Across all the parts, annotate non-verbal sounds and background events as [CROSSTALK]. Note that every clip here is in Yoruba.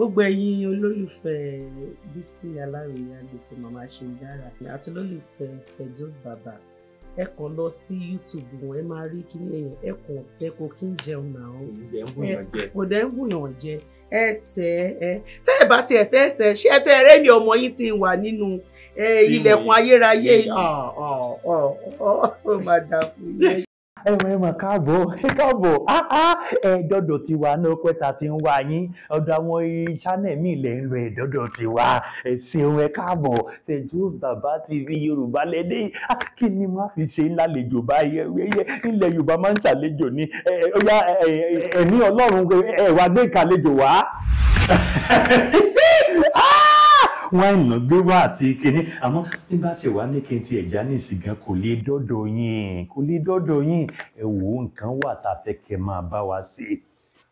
gbogbo ẹ̀yin olólùfẹ́ Bísí Aláròyé àgbègbè màmá ṣèǹdára àti olólùfẹ́ Fejos bàbá ẹ kàn lọ sí YouTube wọn ẹ máa rí kíní ẹyìn ẹ kàn tẹ kó kí n jẹun náà kò dẹ̀ ń gbìyànjú jẹ ẹ tẹ ẹ tẹ ẹ bá tiẹ̀ fẹ́ tẹ ṣé ẹ tẹ ẹrẹ mi ọmọ yìí ti wà nínú ilẹ̀kùn ayérayé ó máa dà fún yín ẹ mọ̀ ẹ mọ̀ káàbọ̀ [LAUGHS] káàbọ̀ ẹ dọ́dọ̀ tiwa náà pẹ́ta ti ń wá yín ọ̀dọ̀ àwọn channel mi lẹ̀ ń lọ ẹ dọ́dọ̀ tiwa ẹ ṣeun ẹ káàbọ̀ Sojosbaba TV yorùbá lẹ́dẹ̀ kí ni má fi ṣe lálejò báyìí ilẹ̀ yorùbá máa ń ṣàlejò ní ẹ̀mí ọlọ́run ẹ wá gbé ìkàlejò wá. [LAUGHS] wáìnì náà gbé wá àti kínní àmọ́ nígbà tí wàá ní kí n ti ẹ̀já ní ìsìnkàn kò lè dọ́dọ̀ yín kò lè dọ́dọ̀ yín ẹ wò ó nǹkan wà tá a fẹ́ kẹ́ máa bá wa ṣe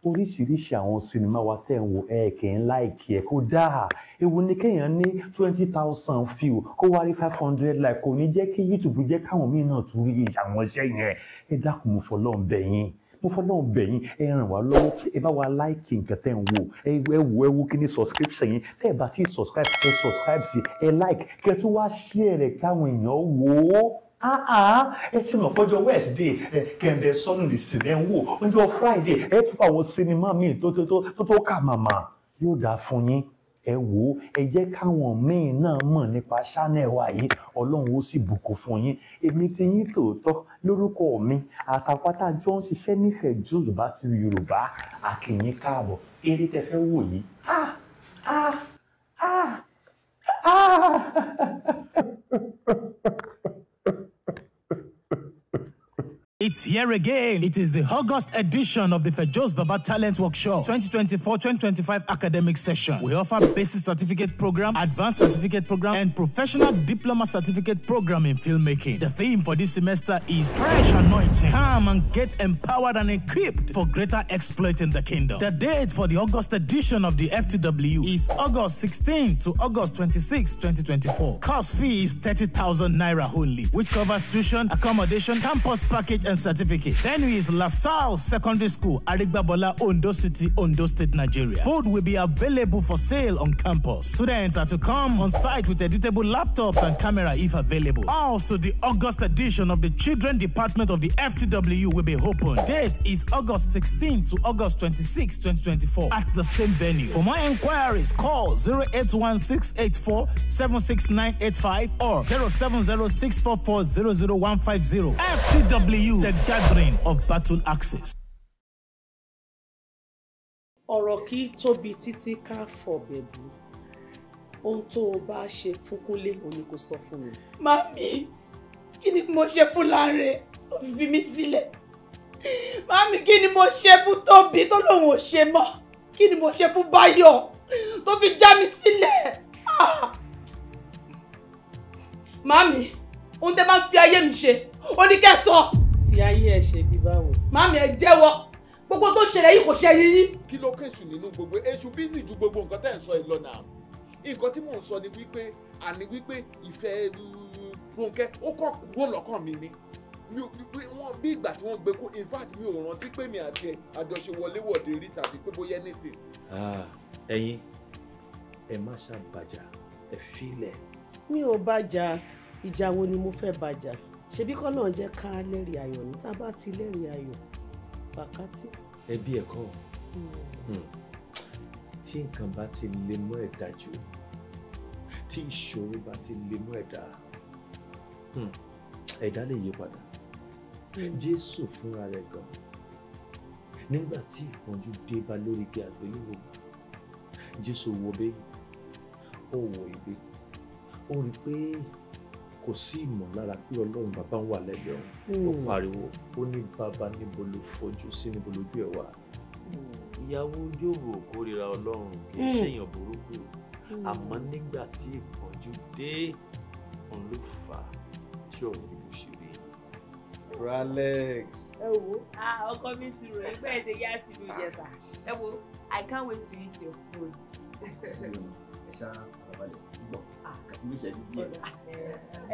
oríṣiríṣi àwọn sinimá wa tẹ̀ ń wo ẹ̀ẹ́kẹ́ ńlá ìkí ẹ̀ kó dáa ewu ni kéèyàn ní twenty thousand view kó wá rí five hundred like kò ní jẹ́ kí YouTube jẹ́ káwọn míì náà tún rí àwọn iṣẹ́ yẹn ẹ dákun mo fọlọ́ọ̀ bẹ̀ mo fọ́ náà bẹ̀ yín ẹ ràn wá lọ́wọ́ ẹ bá wa láìkì nǹkan tẹ́ ń wò ẹ wo ẹ wo kí ni subscription yín tẹ́ ẹ bá ti subscribe ẹ subscribe sí ẹ like kẹ tún wá share rẹ̀ káwọn èèyàn wò ó ẹ ti mọ̀ pọ́jọ́ Wednesday ẹ kẹ̀ǹdẹ̀ sọ́nù lè sì rẹ̀ ń wò ọjọ́ Friday ẹ tún àwọn sinimá míì tó tó tó kà màmá yóò dáa fún yín ẹ wò ó ẹ jẹ́ káwọn míín náà mọ̀ nípa channel wa yìí ọlọ́run ó sì bùkún fún yín èmi ti yín tòótọ́ lórúkọ mi àtàpátá jọ ń ṣiṣẹ́ nífẹ̀ẹ́ Yorùbá ti Yorùbá a káàbọ̀ eré tẹ fẹ́ wò yìí. ah ah ah ah. [LAUGHS] It's here again. It is the August edition of the Fejos Baba Talent Workshop 2024-2025 academic session. We offer basic certificate program, advanced certificate program, and professional diploma certificate program in filmmaking. The theme for this semester is fresh anointing. Come and get empowered and equipped for greater exploit in the kingdom. The date for the August edition of the FTW is August 16 to August 26, 2024. Cost fee is 30,000 naira only, which covers tuition, accommodation, campus package, and certificate. Then is LaSalle Secondary School, Arigbabola, Ondo City, Ondo State, Nigeria. Food will be available for sale on campus. Students are to come on site with editable laptops and camera if available. Also, the August edition of the Children Department of the FTW will be open. Date is August 16 to August 26, 2024 at the same venue. For more inquiries, call 081684 or 07064400150. FTW The gathering of battle axes. ọ̀rọ̀ kì í tóbi títí ká fọ̀bẹ̀ ohun tó o bá ṣe fún Kúnlé ni kò sọ fún mi. mami kí ni mo ṣe fún Láńrè ó fi mí sílẹ̀ mami kí ni mo ṣe fún Tóbi tó lòun ò ṣe mọ́ kí ni mo ṣe fún Báyọ̀ tó fi já mi sílẹ̀. Ah! mami ohun tẹ́ bá ń fi ayé mi ṣe ó ìyá ayé ẹ ṣe bí báwo. màmí ẹ jẹ́wọ́ gbogbo tó ṣẹlẹ̀ yìí kò ṣe yín yín. kí ló kẹ́sù nínú gbogbo èṣù bísí ju gbogbo nǹkan tẹ́ ń sọ ìlọ náà nǹkan tí mò ń sọ ni wípé àní wípé ìfẹ́ uh, Rónkẹ́ ó kọ́ kúrò lọ́kàn mi ni bí ìgbà tí wọ́n gbé kó in fact mi ò rántí pé mi àti ẹ àjọṣe wọléwọ̀de rí tàbí pé bóyá anything. ẹ̀yin ẹ má ṣàbàjá ẹ fílẹ̀. mi ò bàjá ìjà wo ni mo fẹ́ bàjá ṣebí kọ́ náà jẹ́ ká lẹ́rìí ayọ̀ ní tá a bá ti lẹ́rìí ayọ̀ wákàtí. ẹbí ẹ̀kọ́ hmm. hmm. tí nǹkan bá ti lè mọ́ ẹ̀dá jù tí ìṣòro bá ti lè mọ́ ẹ̀dá hmm, ẹ̀dá lè yí padà jésù fúnra rẹ̀ gan nígbà tí ìpọ́njú dé bá lórí igi àgbélúwò jésù wo bẹ́ẹ̀ ó wo ìgbé ó rí i pé kò sí ìmọ̀lára pé ọlọ́run bàbá ń wà lẹ́gbẹ̀ẹ́ òun hmm. ó pariwo ó ní bàbá níbo ló fojú sí níbo lójú ẹ̀ wà. Hmm. ìyàwó jòwò kórìíra ọlọ́run kì í hmm. ṣèyàn burúkú àmọ́ nígbà tí ìpọ́njú dé òun ló fà á tí òun ní bó ṣe rí. Alex. ẹ wo ọkọ mi ti rò ẹgbẹ́ ẹ̀ ṣe yá ti lu ìjẹta ẹ wo I can't wait to eat your food ẹ ṣá àbàbalẹ̀ gbọ̀ àti ah. bí ìṣẹ́jú díẹ̀.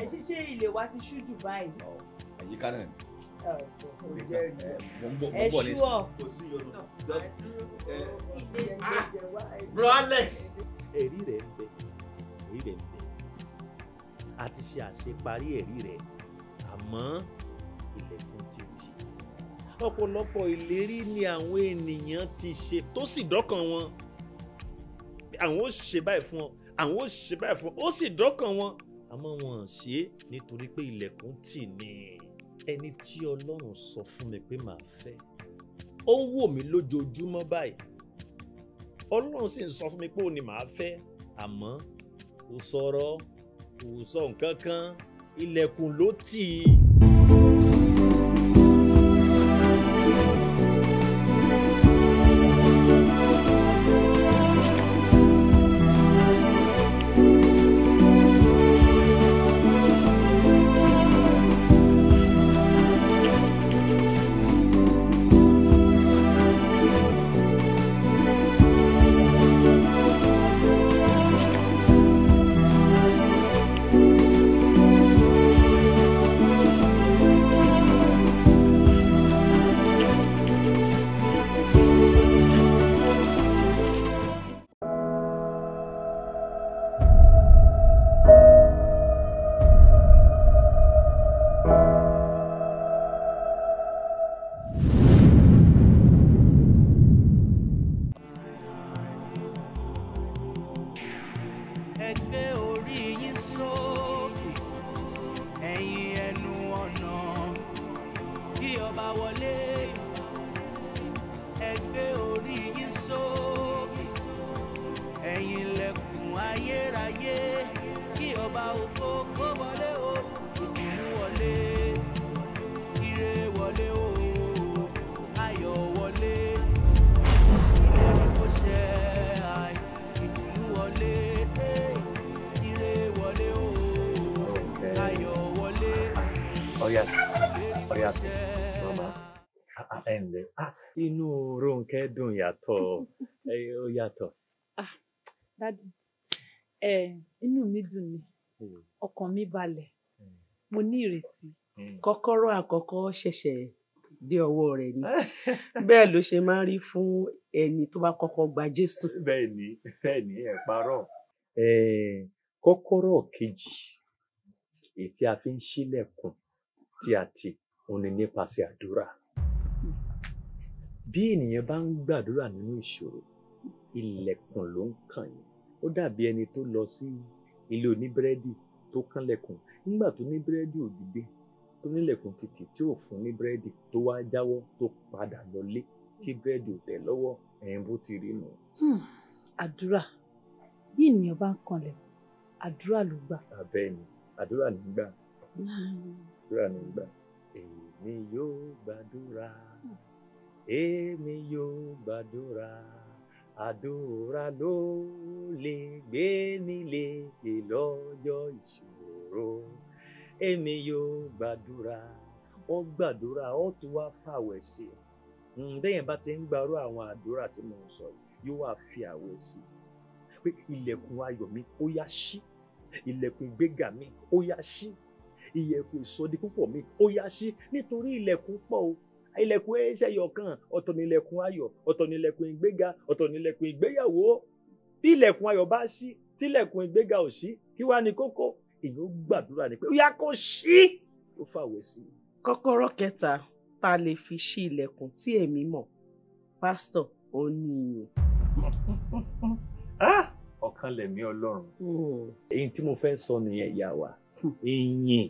ẹ ṣe ṣe ilé wa ti ṣú Dubai. àyíká náà mo ń bọ̀ mo ń bọ̀ lẹ́sìn. kò sí yọnu just. Ah, bro Alex. ẹ̀rí rẹ̀ ń bẹ ẹ̀rí rẹ̀ ń bẹ a ti ṣe àṣeparí ẹ̀rí rẹ̀ àmọ́ ilẹ̀kùn ti tì ọ̀pọ̀lọpọ̀ ìlérí ni àwọn ènìyàn ti ṣe tó sì dọ́kàn wọn àwọn ò ṣe báyìí fún ọ àwọn ò ṣe báyìí fún ọ ó sì dọ́kàn wọn àmọ́ wọn ò ṣe é nítorí pé ilẹ̀kùn tì ní ẹni tí ọlọ́run sọ fún mi pé màá fẹ́ ó ń wò mí lójoojúmọ́ báyìí ọlọ́run sì ń sọ fún mi pé òun ni màá fẹ́ àmọ́ kò sọ̀rọ̀ kò sọ nǹkan kan ilẹ̀kùn ló tì í. inú mi dùn ni hmm. ọkàn mi balẹ̀ hmm. mo ní ìrètí hmm. kọ́kọ́rọ́ àkọ́kọ́ ṣẹ̀ṣẹ̀ dé ọwọ́ rẹ̀ ni [LAUGHS] bẹ́ẹ̀ ló ṣe máa ń rí fún ẹni tó bá kọ́kọ́ gba Jésù. bẹ́ẹ̀ ni bẹ́ẹ̀ ni ẹ parọ́ kọ́kọ́rọ́ kejì èyí tí a fi ń ṣílẹ̀kùn tí a ti òun ni nípasẹ̀ àdúrà bí ènìyàn bá ń gbàdúrà nínú ìṣòro ilẹ̀kùn ló ń kàn yín ó dàbí ẹni tó lọ sí ilé oníbírẹ́dì tó kánlẹ̀kùn nígbà tó ní bírẹ́dì ò dìde tó nílẹ̀kùn kìkì tí ò fún ní bírẹ́dì tó wá jáwọ́ tó padà lọlé tí bírẹ́dì ò tẹ̀ lọ́wọ́ ẹ̀yìn bó ti rí nù. Hmm, àdúrà bí ènìyàn bá ń kanlẹ̀ àdúrà ló gbà. àbẹ́ni àdúrà ní gbà àdúrà ní gbà. èmi yóò gbàdúrà hmm. èmi yóò gbàdúrà. Àdúrà ló lè gbé ni lékè lọ́jọ́ ìṣòro. Èmi yóò gbàdúrà, ó gbàdúrà, ó tún wá fàwẹ̀ sí i. Hmm, Bẹ́yẹn bá ti ń gbarú àwọn àdúrà tí mo ń sọ yìí, yóò wá fi àwẹ̀ sí i. Pé ilẹ̀kùn ayọ̀ mi ó yá ṣí, ilẹ̀kùn ìgbéga mi ó yá ṣí, ilẹ̀kùn ìsọdipúpọ̀ mi ó yá ṣí nítorí ilẹ̀kùn pọ̀ o ilẹ̀kùn ẹ̀ṣẹ̀yọ̀kan ọ̀tọ̀ nílẹ̀kùn ayọ̀ ọ̀tọ̀ nílẹ̀kùn ìgbéga ọ̀tọ̀ nílẹ̀kùn ìgbéyàwó bí ilẹ̀kùn ayọ̀ bá ṣí tílẹ̀kùn ìgbéga ò ṣí kí wàá ní kókó èyí ó gbàdúrà ní pé ó yá kó ṣí ó fàwẹ̀ sí i. kọ́kọ́rọ́ kẹta tá a lè fi ṣí ilẹ̀kùn tí èmi mọ̀ pásítọ̀ ó ní ìyẹn. Ah! ọ̀kan lẹ̀mí ọlọ́run hmm. èyí tí mo fẹ́ sọ nìyẹn ìyá wa hmm. ìyìn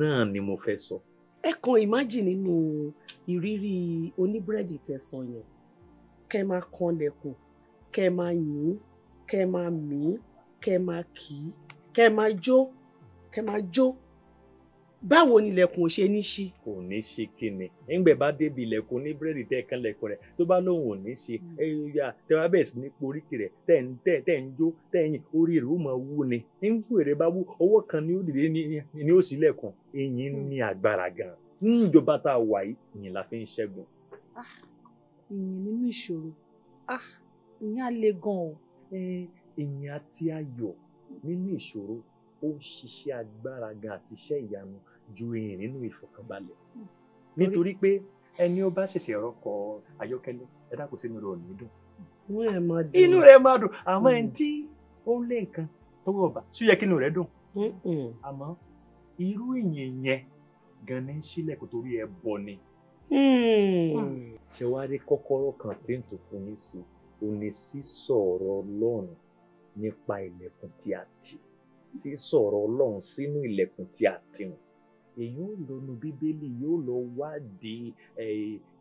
náà ni mo fẹ́ sọ. So ẹ kan imagine nínú ìrírí oníbúrẹ́dì tẹ̀sán yẹn kẹ́ máa kan lẹ́kùn kẹ́ máa yìn kẹ́ máa mí kẹ́ máa kì í kẹ́ máa jó kẹ́ máa jó báwo ni ilẹ̀kùn ò ṣe ní ṣí. kò ní ṣí kíni ńgbẹ bá débi ilẹ̀kùn ní búrẹ́dì tẹ́ kan lẹ̀kùn rẹ̀ tó bá lóun ò ní ṣí hmm. ẹ̀yà tẹ́ wá bẹ̀rẹ̀ sí ní poríkì rẹ̀ tẹ́ ń tẹ́ tẹ́ ń jó tẹ́ ń orí rẹ̀ ó máa wú ni ńgbù èrè bá wú ọwọ́ kan ni ó dìde ni ó sì lẹ̀kùn eyín hmm. ní agbára gan níjọba tá a wà yìí ìyìn la fi ń ṣẹ́gun. Ah, ìyìn nínú ìṣòro ah, ìyìn á le gan o ju ìrìn nínú ìfọ̀kànbalẹ̀ hmm. nítorí pé ẹni ó bá ṣẹ̀ṣẹ̀ rọkọ̀ ayọ́kẹ́lẹ́ ẹ dákun sínú rẹ̀ ò ní dùn inú rẹ̀ máa dùn àmọ́ ẹni hmm. tí ó ń lé nǹkan tọwọ́ ọba ṣú yẹ kí inú rẹ̀ dùn àmọ́ irú ìyìn yẹn gan ni torí ẹ bọ ni. Hmm. ṣé wàá rí kọ́kọ́rọ́ kan tí ń tún fún yín sí o sísọ̀rọ̀ ọlọ́run nípa ilẹ̀kùn tí a tì sísọ̀rọ̀ ọlọ́run sínú ilẹ̀kùn tí a tì wọ́n èyí ò lọ́nu bíbélì yóò lọ wádìí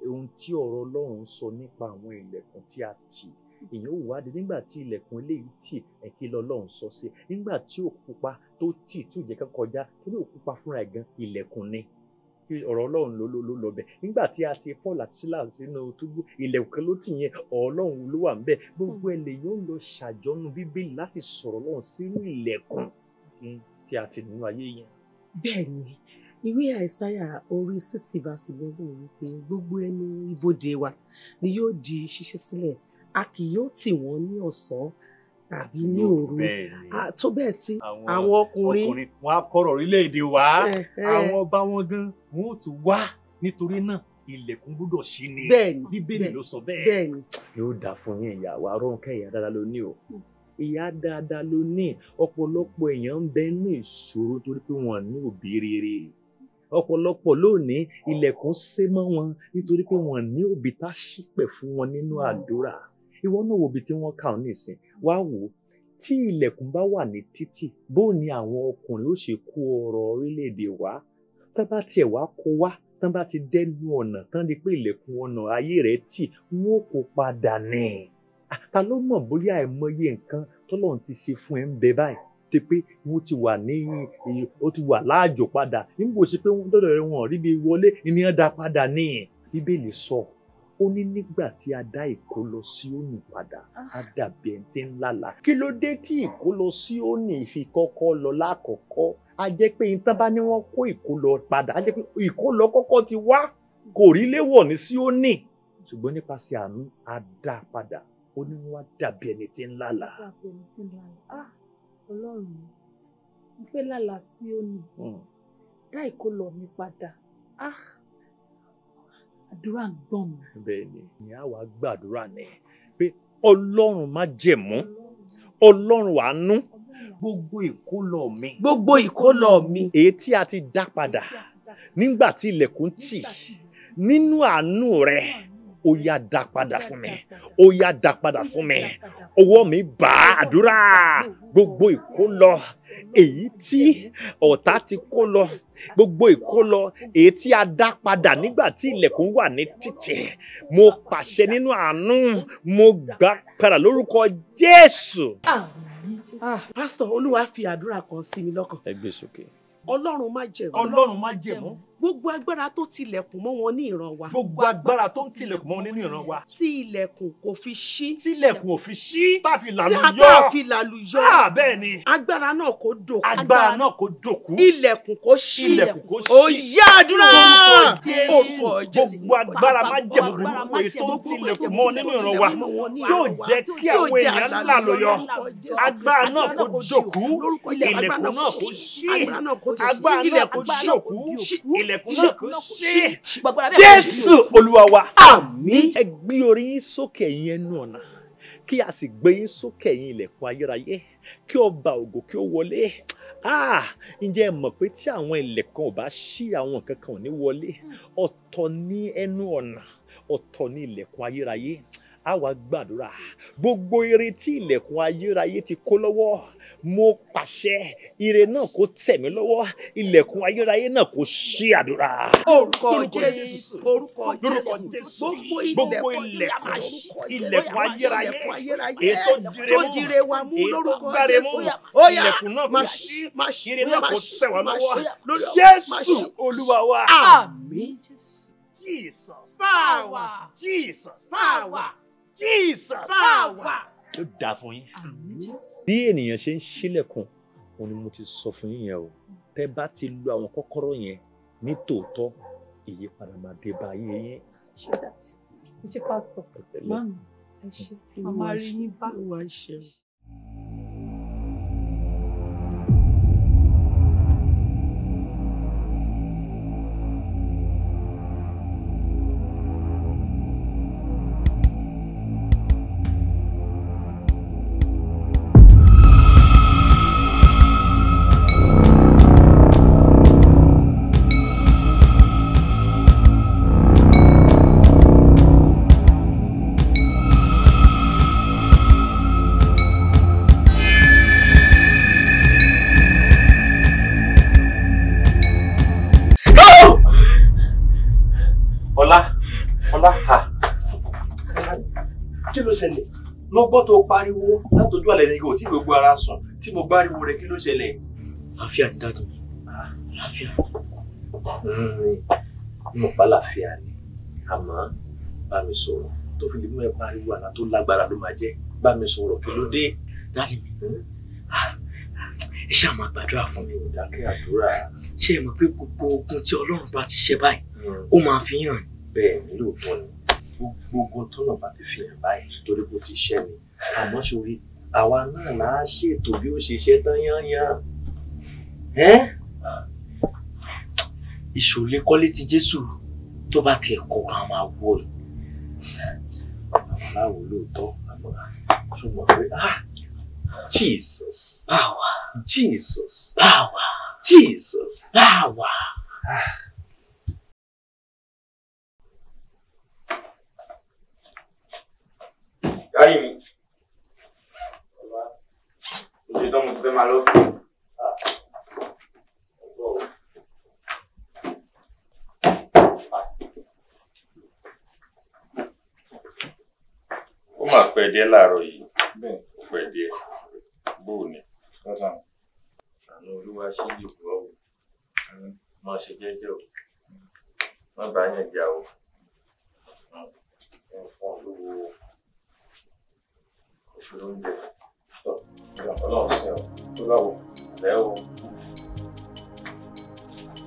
ohun tí ọ̀rọ̀ ọlọ́run sọ nípa àwọn ilẹ̀kùn tí a tì èyí ò wádìí nígbà tí ilẹ̀kùn eléyìí tì ẹ̀kí lọ́lọ́run sọ sí nígbà tí òkúpa tó tì tí òjẹ́ kan kọjá kí ló òkúpa fúnra ẹ̀ gan ilẹ̀kùn ni kí ọ̀rọ̀ ọlọ́run ló ló ló lọ bẹ̀ nígbà tí a ti Paul àti Silas sínú túbú ilẹ̀kùn ló tì yẹn ọlọ́run ló wà ń gbogbo ẹ̀ lè yóò lọ ṣàjọ́nu bíbélì láti sọ̀rọ̀ ọlọ́run sínú ilẹ̀kùn tí a ti nínú ayé yẹn bẹ́ẹ̀ ìwé àìsáyà orí sixty verse eleven wípé gbogbo ẹnu ibodè wa ni yóò di ṣíṣí sílẹ̀ a kì yóò tì wọ́n ní ọ̀sán àbí ní òru tó bẹ́ẹ̀ tí àwọn ọkùnrin wọn á kọ̀rọ̀ orílẹ̀-èdè wa àwọn ọba wọn gan wọn ò tún wá nítorí náà ilẹ̀kùn gbọ́dọ̀ ṣí ni bíbélì ló sọ bẹ́ẹ̀. yóò dà fún yín ìyá wa Rónkẹ́ ìyá dáadáa ló ní o hmm. ìyá dáadáa ló ní ọ̀pọ̀lọpọ̀ èèyàn ń bẹ ní ìṣòro torí pé wọ́n ní òbí rere ọ̀pọ̀lọpọ̀ lónìí ilẹ̀kùn sé mọ́ wọn nítorí pé wọn ní òbí tá ṣípẹ̀ fún wọn nínú àdúrà ìwọ náà wo ibi tí wọ́n kà ọ́ nísìn wá wò ó tí ilẹ̀kùn bá wà ní títì bó ni àwọn ọkùnrin ó ṣe kó ọrọ̀ orílẹ̀-èdè wá tá bá tiẹ̀ wá kó wá tán bá ti dẹ́nu ọ̀nà tán di pé ilẹ̀kùn ọ̀nà ayé rẹ̀ tì wọ́n kó padà ní. ta ló mọ̀ bóyá àìmọye nǹkan tọ́lọ́run ti ṣe fún ẹ ń bẹ báyìí ṣe pé wọ́n ti wà ní ó ti wà láàjò padà níbo ṣe pé wọ́n dọ̀dọ̀ rẹ̀ wọ́n rí bí wọlé ènìyàn dá padà ní bíbélì sọ ó ní nígbà tí a dá ìkólọ síónì padà á dàbí ẹni tí ń lálàá kí ló dé tí ìkólọ síónì fi kọ́kọ́ lọ lákọ̀ọ́kọ́ a jẹ́ pé ìtàn bá ní wọ́n kó ìkólọ padà a jẹ́ pé ìkólọ kọ́kọ́ ti wá kò rí léwọ̀ ní síónì ṣùgbọ́n nípasẹ̀ àánú a dá padà ó ní wọ́n dàbí ẹni tí ń lálàá ọlọ́run mo fẹ́ lálàá sí òní dá hmm. ìkólọ mi padà ah! àdúrà ń gbọ̀n mi. bẹ́ẹ̀ni ni a wàá gbàdúrà ni pé ọlọ́run má jẹ̀mú ọlọ́run àánú gbogbo ìkólọ mi. gbogbo ìkólọ mi. èyí tí a ti dá padà nígbà tí ilẹ̀kùn tì nínú àánú rẹ̀ ó yá dá padà fún mi ó yá dá padà fún mi ọwọ́ mi bá àdúrà gbogbo ìkó lọ èyí tí ọ̀tá ti kó lọ gbogbo ìkó lọ èyí tí a dá padà nígbà tí ilẹ̀kùn wà ní títì mo pàṣẹ nínú àánú mo gbà padà lórúkọ Jésù. Ah, pásítọ̀ olúwa fi àdúrà kan sí mi lọ́kàn. ẹ gbé sókè. ọlọ́run má jẹ̀mú. ọlọ́run má jẹ̀mú gbogbo agbára tó tilẹ̀kùn mọ́ wọn ní ìran wa. gbogbo agbára tó ń tilẹ̀kùn mọ́ wọn nínú ìran wa. tí ilẹ̀kùn kò fi ṣí. tí ilẹ̀kùn ò fi ṣí. tá a fi làlù yọ. tí a tá a fi làlù yọ. a bẹ́ẹ̀ ni. agbára náà kò dòkú. agbára náà kò dòkú. ilẹ̀kùn kò ṣí. ilẹ̀kùn kò ṣí. òye àdúrà. gbogbo agbára má jẹ gbogbo èyí mọ́ nínú ìran wa. tí ò jẹ́ kí àwọn èèyàn làlù yọ. agbára náà kò dòkú. ilẹ̀kùn náà kò ṣí. agbára náà kò ṣí. ilẹ̀kùn ilẹ̀kùn náà kò ṣí. jésù olúwa wa. àmín. ẹ gbé orí yín sókè ẹ̀yin ẹnu ọ̀nà kí a sì gbé yín sókè ẹ̀yin ilẹ̀kùn ayérayé kí ọba ògo kí ó wọlé ah, ǹjẹ́ ẹ mọ̀ pé tí àwọn ilẹ̀kùn ò ṣí àwọn kankan ò ní wọlé ọ̀tọ̀ ní ẹnu ọ̀nà ọ̀tọ̀ ní ilẹ̀kùn ayérayé a wá gbàdúrà gbogbo ire tí ilẹ̀kùn ayérayé ti kó lọ́wọ́ mo pàṣẹ ire náà kó tẹ̀ mí lọ́wọ́ ilẹ̀kùn ayérayé náà kó ṣí àdúrà. orúkọ jésù orúkọ jésù gbogbo ilẹ̀kùn ilẹ̀kùn ayérayé ètò dire wa mú lórúkọ jésù oya máa ṣí ire náà kó tẹ̀ wá lọ́wọ́ jésù olúwa wa. àmín jésù. Jesus power. Jesus power. Jesus power. wà. ló dáa fún yín. bí ènìyàn ṣe ń ṣílẹ̀kùn òun ni mo ti sọ fún yín yẹn o tẹ́ bá ti lo àwọn kọ́kọ́rọ́ yẹn ní tòótọ́ ìyípadà máa dé bá yé yín. ṣé pásítọ̀ mọ́mí ẹ ṣe màmá rí ní bá. gbọ́ tó pariwo látọjú àlẹ́ ni kò tí gbogbo ara sùn tí mo bá ríwo rẹ̀ kí ló ṣẹlẹ̀. àlàáfíà ni dáàtò mi ah, àlàáfíà mm-hmm. mo pa láàfíà ni àmọ́ bá mi sọ̀rọ̀ tó fi lè mú ẹ pariwo àná tó lágbára ló máa jẹ́ bá mi sọ̀rọ̀ kí ló dé. dáàtì mi hmm? ah, ẹ ṣáà máa gbàdúrà fún mi. ìdákẹ́ àdúrà. ṣé ẹ mọ̀ pé gbogbo ogun tí Ọlọ́run bá ti ṣe báyìí hmm. ó máa fi hàn. bẹ́ẹ̀ ni lóòótọ́ ni gbogbo ogun tọ́nà bá ti fi hàn báyìí torí kò ti ṣẹ́ mi àmọ́ sórí àwa náà là á ṣètò bí ó ṣe ṣe tán yányán ìṣòlè kọ́lé ti Jésù tó bá tiẹ̀ kọ́ kan máa wọ ẹ̀ aláwo lóòótọ́ àmọ́ ṣùgbọ́n pé ah Jesus power Jesus power Jesus power. Ah, pe máa lọ sùn. ó mà pẹ́ díẹ̀ láàárọ̀ yìí ó pẹ́ díẹ̀ bóò ni. àánú olúwa ṣe lè wọ́ má ṣe jẹ́jẹ́ o má bàa yàn jà o ẹ̀ fún olówó òṣèlú oúnjẹ ọlọ́run sí ọ tó bá wò rẹ o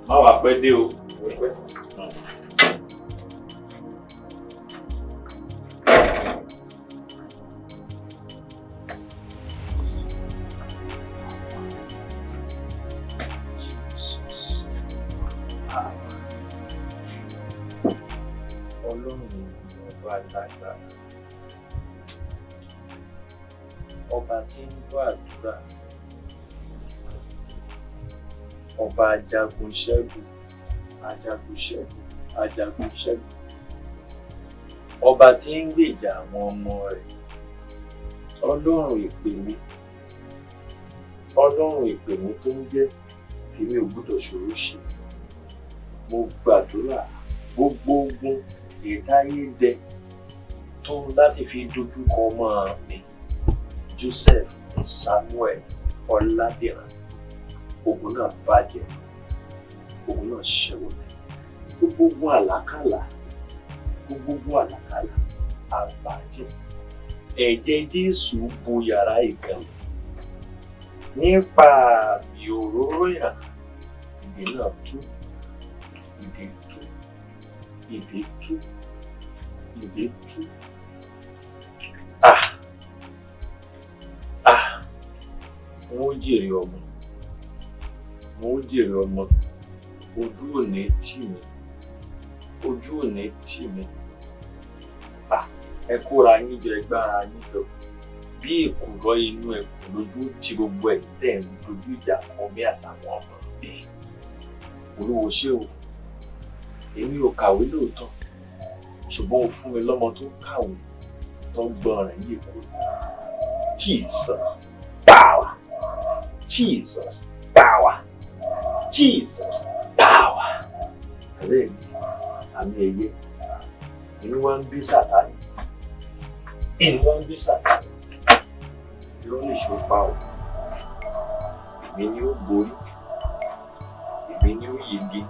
má wàá pẹ́ dé o. ọba ajagun ṣẹ́gun ajagun ṣẹ́gun ajagun ṣẹ́gun ọba tí ń gbèjà àwọn ọmọ rẹ̀ ọlọ́run ìpè mi ọlọ́run ìpè mi tó ń jẹ́ èmi ò gbọ́dọ̀ ṣòro ṣe mo gbàdúrà gbogbo ogun ìtayé dẹ tó láti fi dojú kọ ọmọ mi Joseph Samuel Ọlábìrán ogun náà bàjẹ́ ogun náà ṣẹ́wọ̀n gbogbo ogun àlákàlà gbogbo ogun àlákàlà àbàjẹ́ ẹ̀jẹ̀ Jésù bo yàrá ìgbàlù nípa àmì òróró ìrà ìdè náà tú ìdè tú ìdè tú ìdè tú. Ah! Ah! Wọ́n jèrè ọmọ mo ń jèrè ọmọ ojú ò ní tì mí ojú ò ní tì mí ah, ẹ kóra yín jọ ẹ gbára yín jọ bí èkùrọ́ inú ẹkùn lójú ti gbogbo ẹ̀ tẹ̀ ń dojú ìjà kan bí àtàwọn ọmọ bẹ́ẹ̀ olówó ṣé o èmi ò kàwé lóòótọ́ ṣùgbọ́n o fún mi lọ́mọ tó kàwé tó ń gbọ́n rẹ̀ yìí kú Jesus power Jesus. Jesus power. Àlẹ́ mi, àmì ẹ̀yẹ, inú wa ń bí sàtáni, inú wa ń bí sàtáni, irọ́ lè ṣó pa ọ́, èmi ni ó borí, èmi ni ó yege,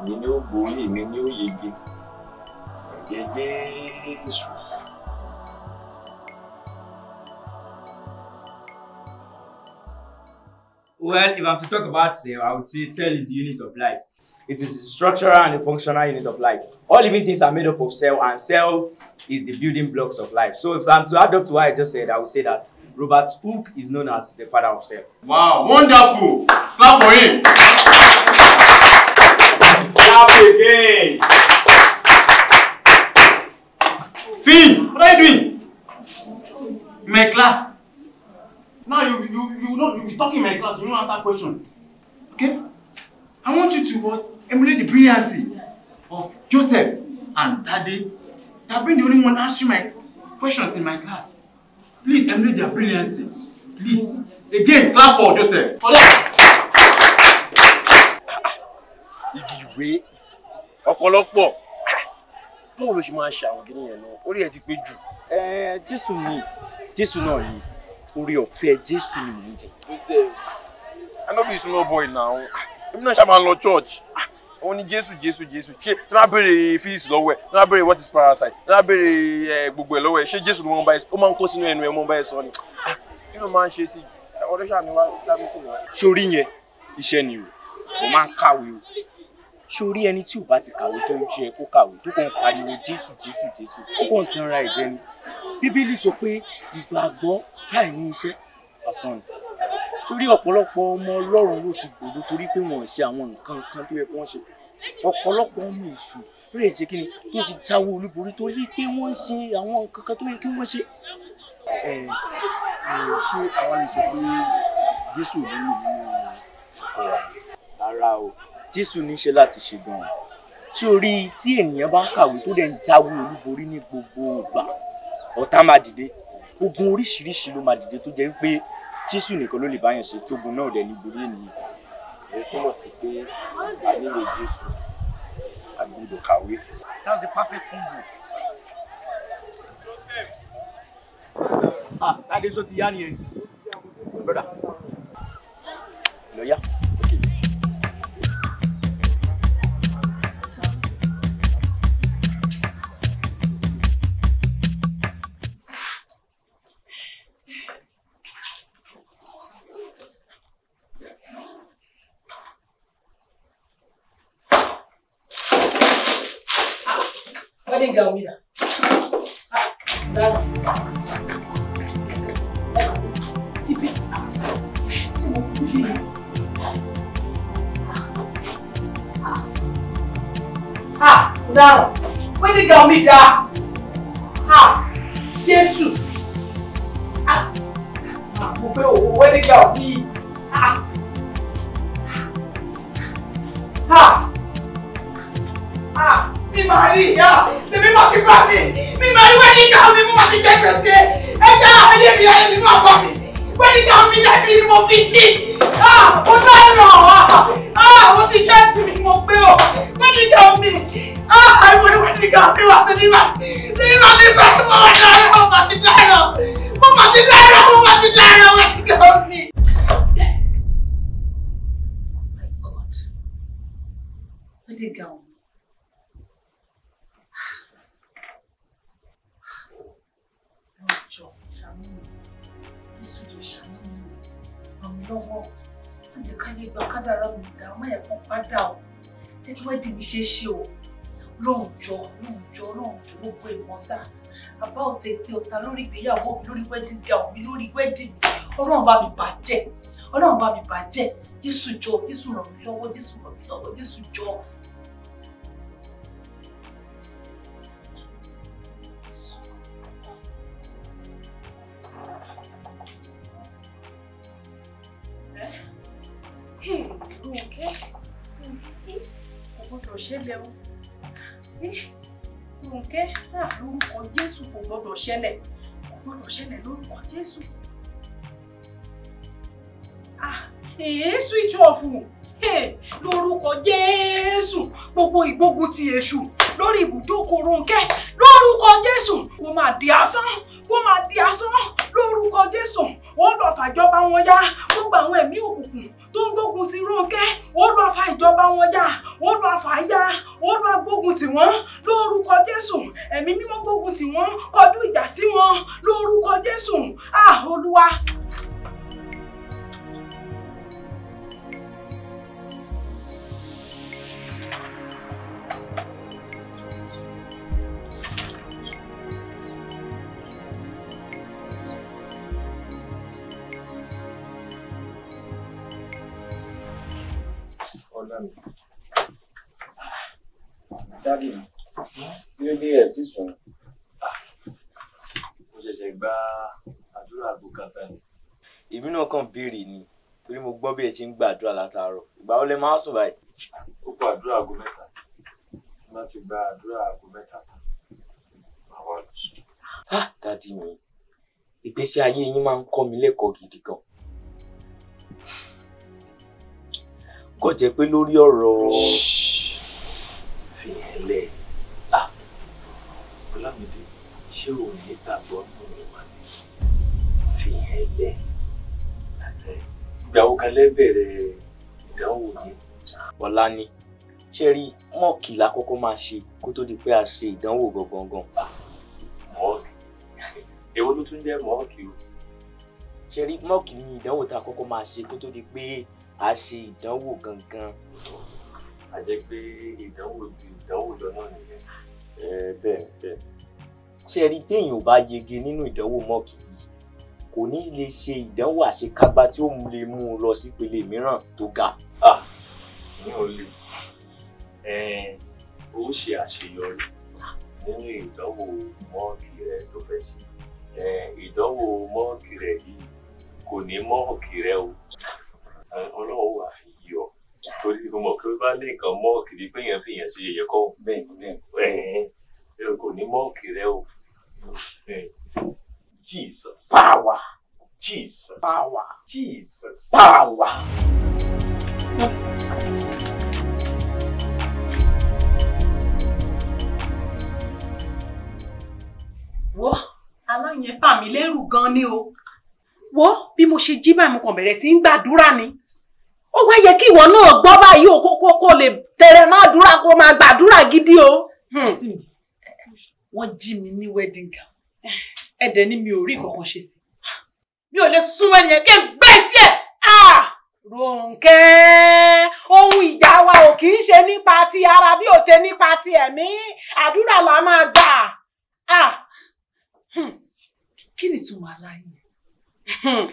èmi ni ó borí, èmi ni ó yege, ẹ̀jẹ̀ Jésù. Well, if I'm to talk about cell, eh, I would say cell is the unit of life. It is a structural and a functional unit of life. All living things are made up of cell, and cell is the building blocks of life. So if I'm to add up to what I just said, I would say that Robert Hooke is known as the father of cell. Wow, wonderful! Clap for him! Clap again! Finn, what are you doing? my class. Now you you you know you be talking in my class, you no answer questions. Okay? I want you to what? Emulate the brilliancy of Joseph and Daddy. They have been the only one answering my questions in my class. Please emulate their brilliancy. Please. Again, clap for Joseph. For that. Igi ìwé ọ̀pọ̀lọpọ̀ bọ́ọ̀lù ṣe máa ṣe àwọn kìnìyàn náà orí ẹ̀ ti pé jù. Jésù ni Jésù náà ni orí ọ̀fẹ́ jésù ni mò ń jẹ. i no be small boy now èmi náà ṣáà máa ń lọ church òun ni jésù jésù jésù ṣé tí wọ́n á béèrè fees lọ́wọ́ ẹ̀ tí wọ́n á what is parasite tí wọ́n á béèrè gbogbo ẹ̀ lọ́wọ́ ẹ̀ ṣé jésù ló máa ń bá ẹ ó máa ń kó sínú ẹnu ẹ̀ mọ́ bá ẹ sọ ni ah, kí ló máa ń ṣe sí ọdún ṣáà ni wá dábí sí ìwà. sórí yẹn iṣẹ́ ni o mo máa ń kàwé o sórí ẹni tí ò bá ti kàwé tó ń ṣe kó kàwé tó kàn pariwo jésù jésù jésù ó kàn ń tanra ẹ̀jẹ̀ ni bíbélì sọ pé ìgbàgbọ́ láì ní iṣẹ́ àsan ni torí ọ̀pọ̀lọpọ̀ ọmọ ọlọ́run ló ti gbòdo torí pé wọ́n ṣe àwọn nǹkan kan tó yẹ kí wọ́n ṣe ọ̀pọ̀lọpọ̀ ọmọ èṣù lórí ẹ̀jẹ̀ kí ni tó ti jáwọ́ olúborí torí pé wọ́n ṣe àwọn nǹkan kan tó yẹ kí wọ́n ṣe. ẹ ẹ ṣé àwa lè sọ pé jésù ò nílò nínú ọ̀rọ̀ rárá o jésù níṣẹ́ láti ṣe gan-an ṣé o tí ènìyàn bá ń kàwé tó dẹ̀ ń jáwọ́ olúborí ní gbogbo ìgbà ọ̀tá máa dìde ogun oríṣiríṣi ló máa dìde tó jẹ́ pé Jésù nìkan ló lè báyàn ṣe tógun náà dẹ̀ ní borí ènìyàn. ẹ túmọ̀ sí pé a nílò Jésù a gbọ́dọ̀ kàwé. That's the perfect combo. ah tade so ti yá nìyẹn broda lọ Olha a mira. Ah, dá. Tipi. Ah, dá. Olha a mira. Ah, Jesus. Ah, mo fẹ́ owó wedding gown bíi. Ah. Ah. Ah. Mi máa rí ìyá mi mọ́ ti bá mi mi máa rí wẹ́nìkà omi mú wá ti jẹ́ gbèsè ẹja ayé mi ayé mi máa bọ̀ mi wẹ́nìkà omi lẹ́bi ni mo fi sí ah, mo náà ràn ọ́ ah, mo ti jẹ́ ti mi mo gbé o wẹ́nìkà omi àwọn wẹ́nìkà omi wà sí mi máa mi máa mi bá tí mo wà lára mo máa ti lára mo máa ti lára mo máa ti lára wẹ́nìkà omi. My God, wẹ́nìkà omi. lọ́wọ́ má jẹ́ ká yé gba kádàrá mi dá má yẹ kó padà o jẹ́ kí wẹ́ẹ̀dì mi ṣe é ṣe o lóhùn jọ lóhùn jọ lóhùn jọ gbogbo ìmọ̀ta àbá ọ̀tẹ̀ tí ọ̀tá lórí ìgbéyàwó mi lórí wedding gown mi lórí wedding mi ọlọ́run bá mi bàjẹ́ ọlọ́run bá mi bàjẹ́ jésù jọ jésù ràn mí lọ́wọ́ jésù ràn mí lọ́wọ́ jésù jọ gbọ́dọ̀ ṣẹlẹ̀ o Fúnkẹ́ náà lórúkọ Jésù kò gbọ́dọ̀ ṣẹlẹ̀ kò gbọ́dọ̀ ṣẹlẹ̀ lórúkọ Jésù èé switch off lórúkọ Jésù gbogbo ìgbógun ti èṣù lórí ibùjókòó Rónkẹ́ lórúkọ Jésù kó máa di asán kó máa di asán lórúkọ Jésù ó lọ fàjọba wọn yá gbogbo àwọn ẹ̀mí òkùnkùn tó ń gbógun ti Rónkẹ́ ó lọ fa ìjọba wọn yá ó lọ fà á yá ó lọ gbógun tì wọ́n lórúkọ Jésù ẹ̀mí mímọ́ gbógun tì wọ́n kọjú ìjà sí wọn lórúkọ Jésù ah Olúwa. ẹ̀ ti sùn. Ah, mo ṣẹ̀ṣẹ̀ gba àdúrà àbúkátà ni. èmi náà kàn béèrè ni torí mo gbọ́ bí ẹ ṣe ń gbàdúrà látàárọ̀ ìgbà wo lẹ máa sùn báyìí. ó kọ àdúrà aago mẹ́ta má ti gba àdúrà aago mẹ́ta tán máa wà lọ́sùn. Ah, mi ìgbésí ayé yín máa ń kọ́ mi lẹ́kọ̀ọ́ gidi gan. kò jẹ́ pé lórí ọ̀rọ̀ fìyẹn lẹ́ẹ̀. Ọlámídé ṣé o ní ìgbàgbọ́ nínú mi wá ní fi hàn ẹlẹ́ ìgbà wo kalẹ́ bẹ̀rẹ̀ ìdánwò yẹn. ọ̀la ni ṣé rí mọ́ọ̀kì la kọ́kọ́ máa ṣe kó tó di pé a ṣe ìdánwò gangan. Ah, mọ́ọ̀kì èwo ló tún jẹ́ mọ́ọ̀kì o. ṣé rí mọ́ọ̀kì ni ìdánwò tá a kọ́kọ́ máa ṣe kó tó di pé a ṣe ìdánwò gangan. a jẹ́ pé ìdánwò ju ìdánwò lọ náà nìyẹn. ẹ bẹ́ẹ̀ bẹ́ẹ̀ ṣé ẹ rí téèyàn ò bá yege nínú ìdánwò mọ́ọ̀kì yìí kò ní lè ṣe ìdánwò àṣekágbá tí ó lè mú un lọ sí ìpele mìíràn tó ga. mi ò lè ó ṣe àṣeyọrí nínú ìdánwò mọ́ọ̀kì rẹ tó fẹ́ ṣe ìdánwò mọ́ọ̀kì rẹ yìí kò ní mọ́ọ̀kì rẹ o ọlọ́run wà fi yọ torí mo mọ̀ pé bá lè kàn mọ́ọ̀kì rí pé fi yẹn ṣe yẹ̀yẹ́ kọ́ bẹ́ẹ̀ ni kò ní mọ́ọ̀kì rẹ o. Jesus. Power. Jesus. Power. Jesus. Power. Wo, aláyẹn fà mí lẹ́rù gan ni o. Wo, bí mo ṣe jí báyìí mo kàn bẹ̀rẹ̀ sí ń gbàdúrà ni. Ó wá yẹ kí ìwọ náà gbọ́ báyìí o kókó kó lè tẹ̀rẹ̀ máa dúrà kó máa gbàdúrà gidi o. Hmm wọ́n jí mi ní wedding gown ẹ̀dẹ̀ ni mi ò rí kankan ṣe sí mi ò lè súnmọ́ ẹnìyẹn kí n gbé etí ẹ̀ ah! Rónkẹ́ ohun ìjà wa ò kì í ṣe nípa ti ara bí ò ṣe nípa ti ẹ̀mí àdúrà la máa gbà ah! hmm. kí ni ìtumọ̀ aláìní hmm.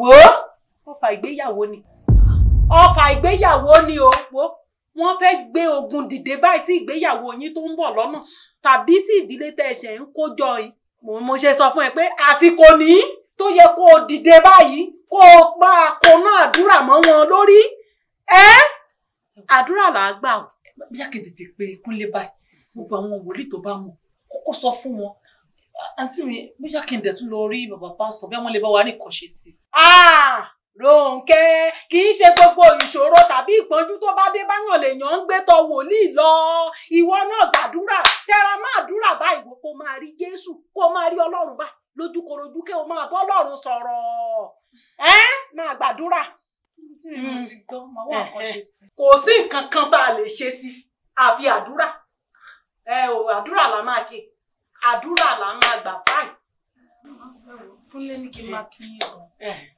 wò ó ọfà ìgbéyàwó ni ọfà ìgbéyàwó ni o wò wọ́n fẹ́ gbé ogun dìde báyìí sí ìgbéyàwó yín tó ń bọ̀ lọ́nà tàbí sí ìdílé tẹ́ ẹ ń kójọ yìí mo ṣe sọ fún ẹ pé àsìkò ní tó yẹ kó o dìde báyìí kó o máa koná àdúrà mọ́ wọn lórí ẹ àdúrà là á gbà o. bóyá kí n tètè pe kúnlé báyìí gbogbo àwọn wòlíì tó bá mọ̀ kókó sọ fún wọn àǹtí mi bóyá kí n dẹ̀ tún lọ rí bàbá pásítọ̀ bí àwọn lè bá wa ní ìkọ́ṣe sí i. Ah! Rónkẹ́ kì í ṣe gbogbo ìṣòro tàbí ìpọ́njú tó bá dé báyàn lèèyàn ń gbé tọ wòlíì lọ ìwọ náà gbàdúrà tẹra máa dúrà báyìí kó máa rí Jésù kó máa rí Ọlọ́run bá lójúkorojú kí o máa bọ́ Ọlọ́run sọ̀rọ̀ ẹ máa gbàdúrà. kò sí nǹkan kan tá a lè ṣe sí àfi àdúrà ẹ ò àdúrà la máa ṣe àdúrà la máa gbà báyìí. kúnlé ní kí n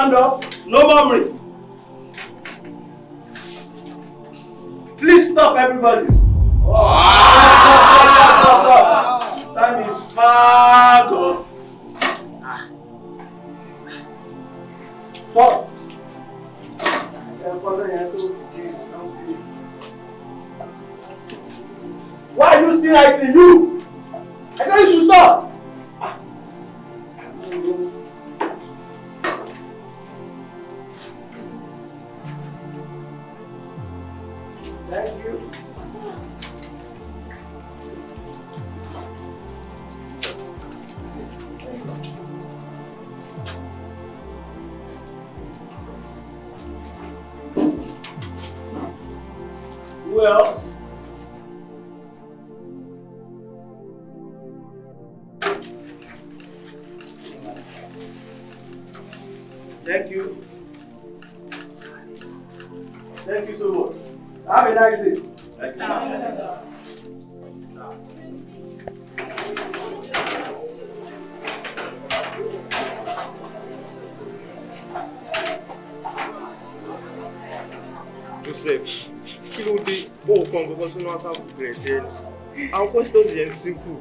Stand up. No murmuring. Please stop, everybody. yourself kí ló dé ó kàn kọ́kọ́ sínú whatsapp rẹ̀ sí ẹnu àwọn questions yẹn simple.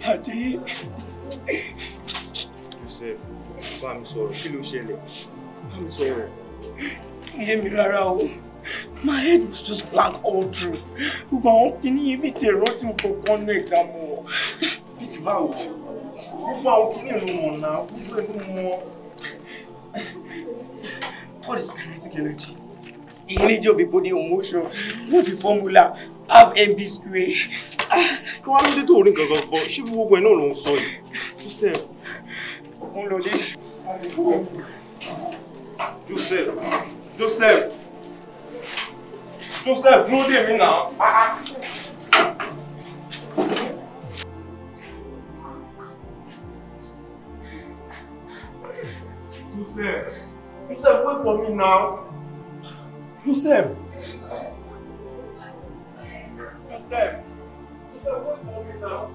pàdé. joseph bá mi sọ̀rọ̀ kí ló ṣẹlẹ̀ bá mi sọ̀rọ̀. ẹ mi rárá o my head was just blank all through gbogbo àwọn kìíní yìí mi ti ẹ̀rọ tí mo kọ̀ kọ́ ní ìta mọ́ ọ. bí ti báwo gbogbo àwọn kìíní ìlú mọ̀ náà gbogbo ìlú mọ̀. What is kinetic energy? The energy of the body in motion. What's the formula? Half MB square. Ah, kí wọ́n á lóde tó orí nǹkan kan go. ṣé gbogbo ẹ̀ náà ló ń sọ yìí? Joseph. Mo ń lọlé. Joseph. Joseph. Joseph, dúró dè mí náà. Joseph. Joseph, wait for me now. Joseph. Joseph. Joseph, what's wrong with now?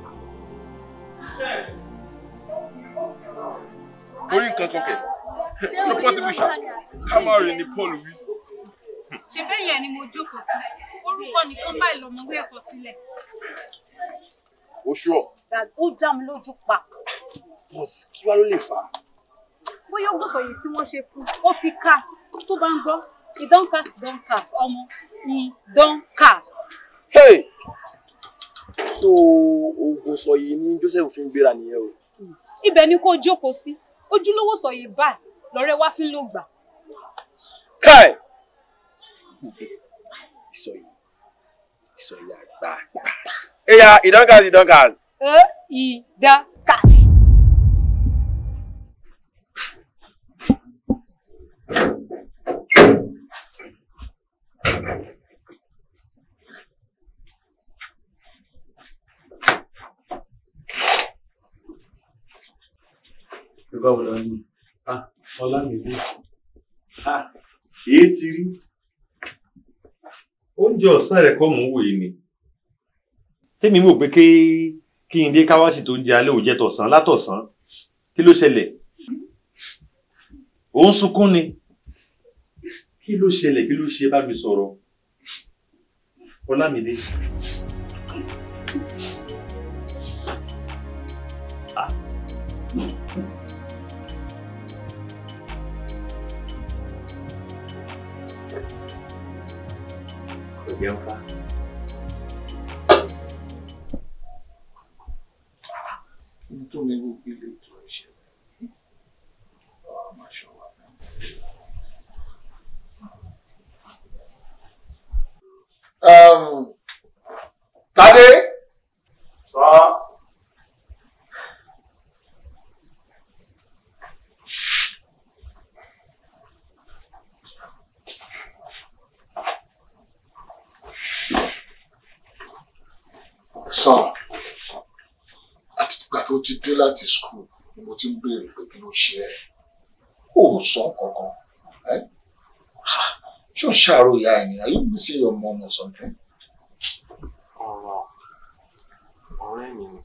Joseph. Orí nǹkan kan kẹ̀, ló possible ṣá, ká máa rìn ní Paul wí. Ṣé bẹ́ẹ̀ yẹn ni mo jókòó sí? Orúkọ nìkan báyìí lọ́mọwé ẹ̀kọ́ sílẹ̀. Oṣù ọ̀. Ó dá mi lójú pa. Bọ́sì kí wá ló lè fà Bóyá ó gbọ́sọ̀ yìí tí wọ́n ṣe fún, ó ti ká tó bá ń gbọ́ he don't cast don't cast ọmọ he don't cast. Hey! so oògùn sọyìí ni Joseph fi ń gbéra nìyẹn o. ibẹ̀ ni kò jókòó sí ojúlówó wa báyìí lọ́rẹ́ wá fi ń lò gbà. Eya, he don't cast, he don't cast. ìdánkàsí. he ìdá sọ̀rọ̀ ni ah, ọlámìlú ah, èé ti rí oúnjẹ ọ̀sán rẹ̀ kọ́ mò ń wòye ni tèmi wò pé kí kí n dé káwáṣì tó ń jẹ alẹ́ òjẹ́ tọ̀sán látọ̀sán kí ló ṣẹlẹ̀ ò ń sunkún ni kí ló ṣẹlẹ̀ kí ló ṣe bá mi sọ̀rọ̀ ọlámìlú. 烟花。láti school ni mo ti ń béèrè pé kí ló ṣe ẹ́ ò sọ kankan ṣé ò ń ṣàròyà ẹ̀ ni are you missing your mom or something. ọ̀rọ̀ ọ̀rẹ́ mi ni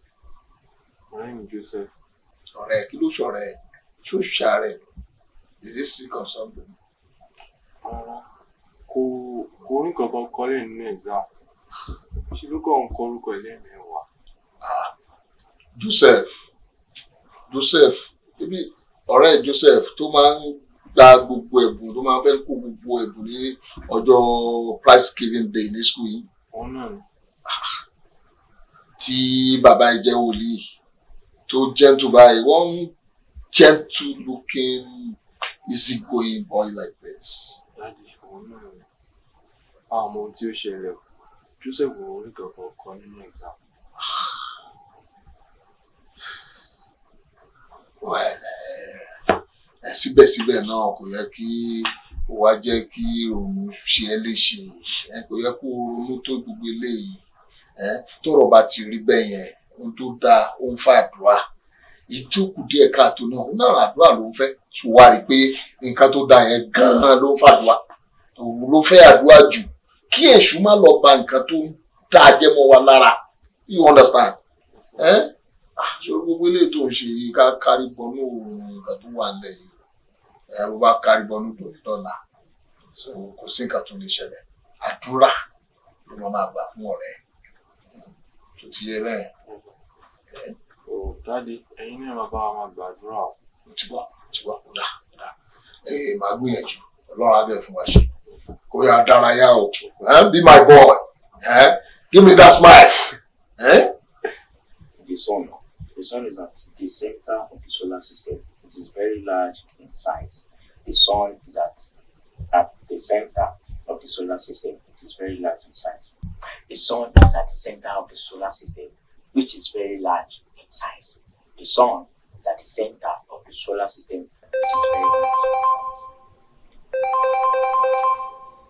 ọ̀rẹ́ mi Joseph. ọ̀rẹ́ kí ló ṣọ̀rẹ́ ẹ̀ ṣé ò ṣàrẹ̀ is this sick or something. ọ̀rọ̀ kò kò ní kankan kọ́lé nínú exam ṣe ló kọ́ ń kọ́ orúkọ ilé mi wá. Ah! Joseph. Joseph ibi ọ̀rẹ́ Joseph tó máa ń gba gbogbo ẹ̀bùn tó máa ń fẹ́ kó gbogbo ẹ̀bùn ní ọjọ́ price giving day ní school yìí. òun náà ni. tí bàbá ẹ jẹ́ wòlíì tó gentle báyìí one gentle looking easy going boy like this. láti òun náà ni àwọn ohun tí ó ṣẹlẹ̀ Joseph wò orí kankan kọ nínú exam. Ah. Eh, síbẹ̀síbẹ̀ náà kò yẹ kí ó wá jẹ́ kí òun ṣe ẹ́ léṣe eh, kò yẹ kó ronú tó gbogbo eléyìí eh, tọ́rọ̀ bá ti rí bẹ́ẹ̀ yẹn ohun tó dáa ó ń fàdúrà ìtú kù díẹ̀ káàtó náà òun náà àdúrà ló ń fẹ́ ṣùwá rí pé nǹkan tó dáa yẹn gan-an ló ń fàdúrà òun ló fẹ́ àdúrà jù kí èṣù má lọ ba nǹkan tó dáa jẹ́ mọ́ wa lára you understand. Eh? Ah, ṣòro gbogbo ilé tó ń ṣe yìí ká kárí bọnú òòrùn nǹkan tó wà nílẹ̀ yìí ẹ bó bá kárí bọnú tòní dọ́là kò sí nǹkan tó lè ṣẹlẹ̀ àdúrà ló máa máa gbà fún ọ̀rẹ́ tó ti yẹ bẹ́ẹ̀. ò dáàdi ẹ̀yin náà máa wa máa gbàdúrà o. mo ti wá mo ti wá kódà kódà ẹ máa gbìyànjú ọlọ́run abẹ́ fún wa ṣe kó yà dárayá o be my boy give me that smile. Eh? The Sun is at the center of the solar system. It is very large in size. The Sun is at, at the center of the solar system. It is very large in size. The Sun is at the center of the solar system, which is very large in size. The Sun is at the center of the solar system, which is very large in size.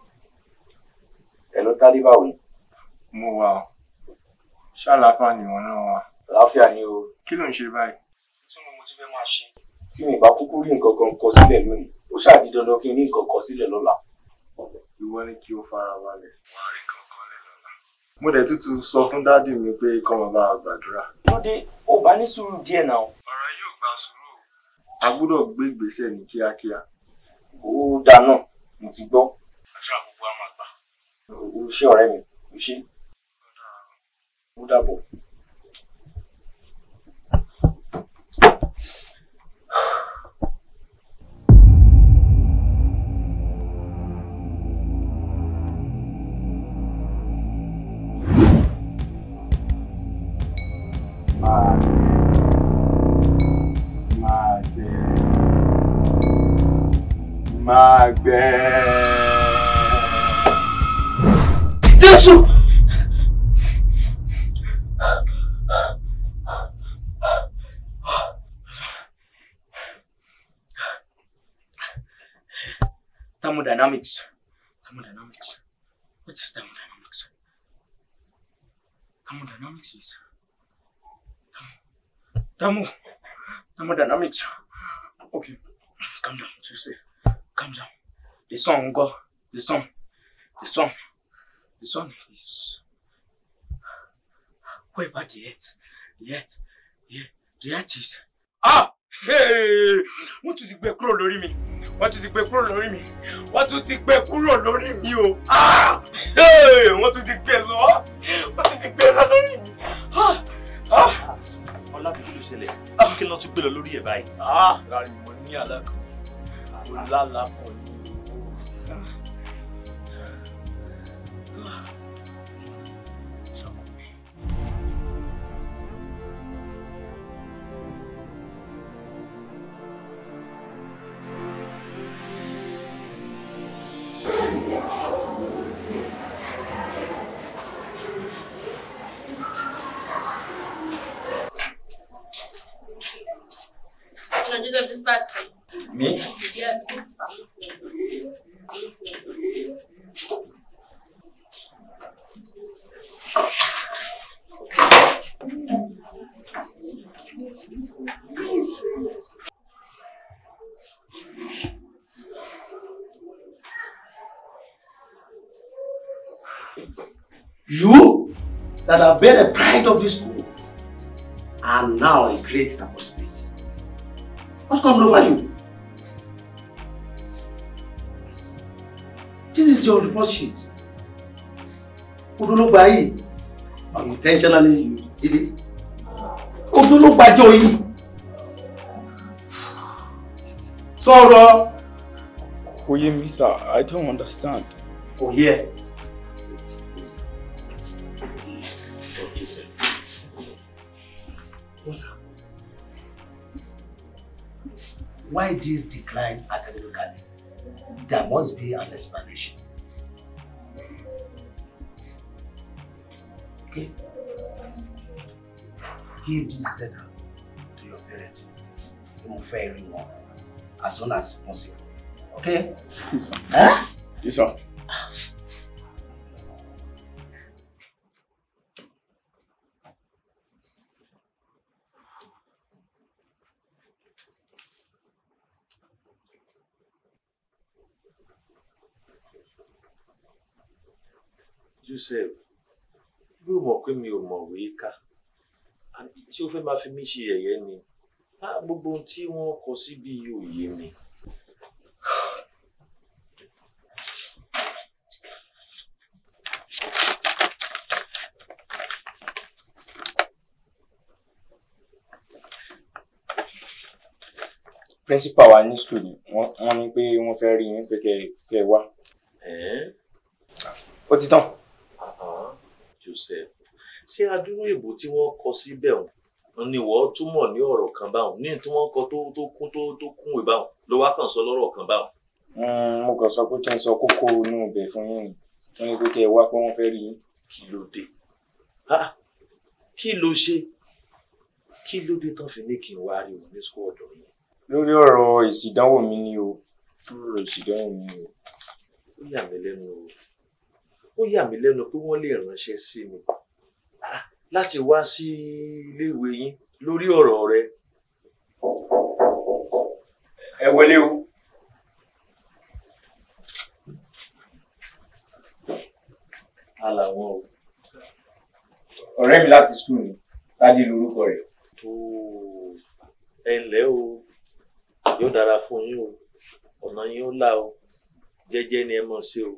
Hello, Talibawi. Mo wà. Ṣé àlàáfíà ni wọn náà wà? Àlàáfíà ni o kí ló ń ṣe báyìí. tí mo ti fẹ́ máa ṣe. tí mi bá kúkú rí nǹkan kan kọ sílẹ̀ lónìí ó ṣáà di dandan kí n rí nǹkan kọ sílẹ̀ lọ́la. ìwọ ni kí o fara balẹ̀. wà á rí kankan lẹ̀ lọ́la. mo dẹ̀ tuntun sọ fún dádì mi pé kọ́ máa bá a gbàdúrà. lóde ó bá ní sùúrù díẹ̀ náà. ọ̀rọ̀ yóò gba sùúrù. a gbọ́dọ̀ gbé ìgbésẹ̀ ní kíákíá. ó dáa náà mo ti gbọ́. àdúrà gbogbo á máa gbà. máa Thermodynamics. Thermodynamics. What is thermodynamics? Thermodynamics is. Tamu, Tamu Okay, calm down, it's safe. Calm down. The song, go. The song. The song. The song is. Where about the earth? The earth. Yeah, the earth is. Ah! Hey! What tún ti gbé kúrò lórí mi. Wọ́n tún ti gbé kúrò lórí mi. Wọ́n tún ti gbé kúrò lórí mi o. Ah! Hey! What tún ti gbé lọ. Wọ́n you ti gbé lọ lórí Ah! Ah! ọlábì kí ló ṣẹlẹ̀ kí ló tún gbé lọ lórí ẹ̀ báyìí. Ah! Me? Yes. You that have been a pride of this school are now a great disappointment. What's coming over you? your report sheet? Odologba yìí, unintentionally you did it. Odologba jọ yìí. Sọ̀rọ̀. Kò yé mi sir, I don't understand. Kò yé. What's up? Why this decline academically? There must be an explanation. give this letter to your parents. You will fare very as soon as possible. Okay? Yes, sir. Huh? Yes, sir. Joseph, yóò mọ̀ pé mi more mọ̀wé ká ṣé o fẹ́ máa fi mí ṣe yẹ̀yẹ́ ni gbogbo ohun tí wọ́n kọ síbi òye mi. principal wa ní school wọ́n ní pé wọ́n fẹ́ rí yín pé kẹ́ ẹ wá. ó ti tán. Joseph ṣé adúrú ìbò tí wọ́n kọ síbẹ̀ òun ni wọ́n túmọ̀ ní ọ̀rọ̀ kan báwọn ní tí wọ́n kọ tó tó kún tó tó kún ìbá wọn ló wá kàn sọ lọ́rọ̀ kan báwọn. mo kàn sọ pé kí n sọ kókó inú ibẹ̀ fún yín ni wọ́n ní pé kí ẹ wá pé wọ́n fẹ́ rí yín. kí ló dé kí ló ṣe kí ló dé tán fi ní kí n wá rí wọn ní skóòdù yẹn. lórí ọ̀rọ̀ èsì mi ni o lórí ọ̀rọ̀ mi ni o. ó yà mí lẹ́nu ó yà mí lẹ́nu pé wọ́n lè ránṣẹ́ sí mi láti wá sí iléèwé yín lórí ọ̀rọ̀ rẹ. ẹ wọlé o. aláwọ̀ o. ọ̀rẹ́ mi láti sùn ni tádé lórúkọ rẹ̀. ẹ ǹlẹ́ o yóò dára fún yín o ọ̀nà yín ó là o jẹ́jẹ́ ni ẹ mọ̀ sí o.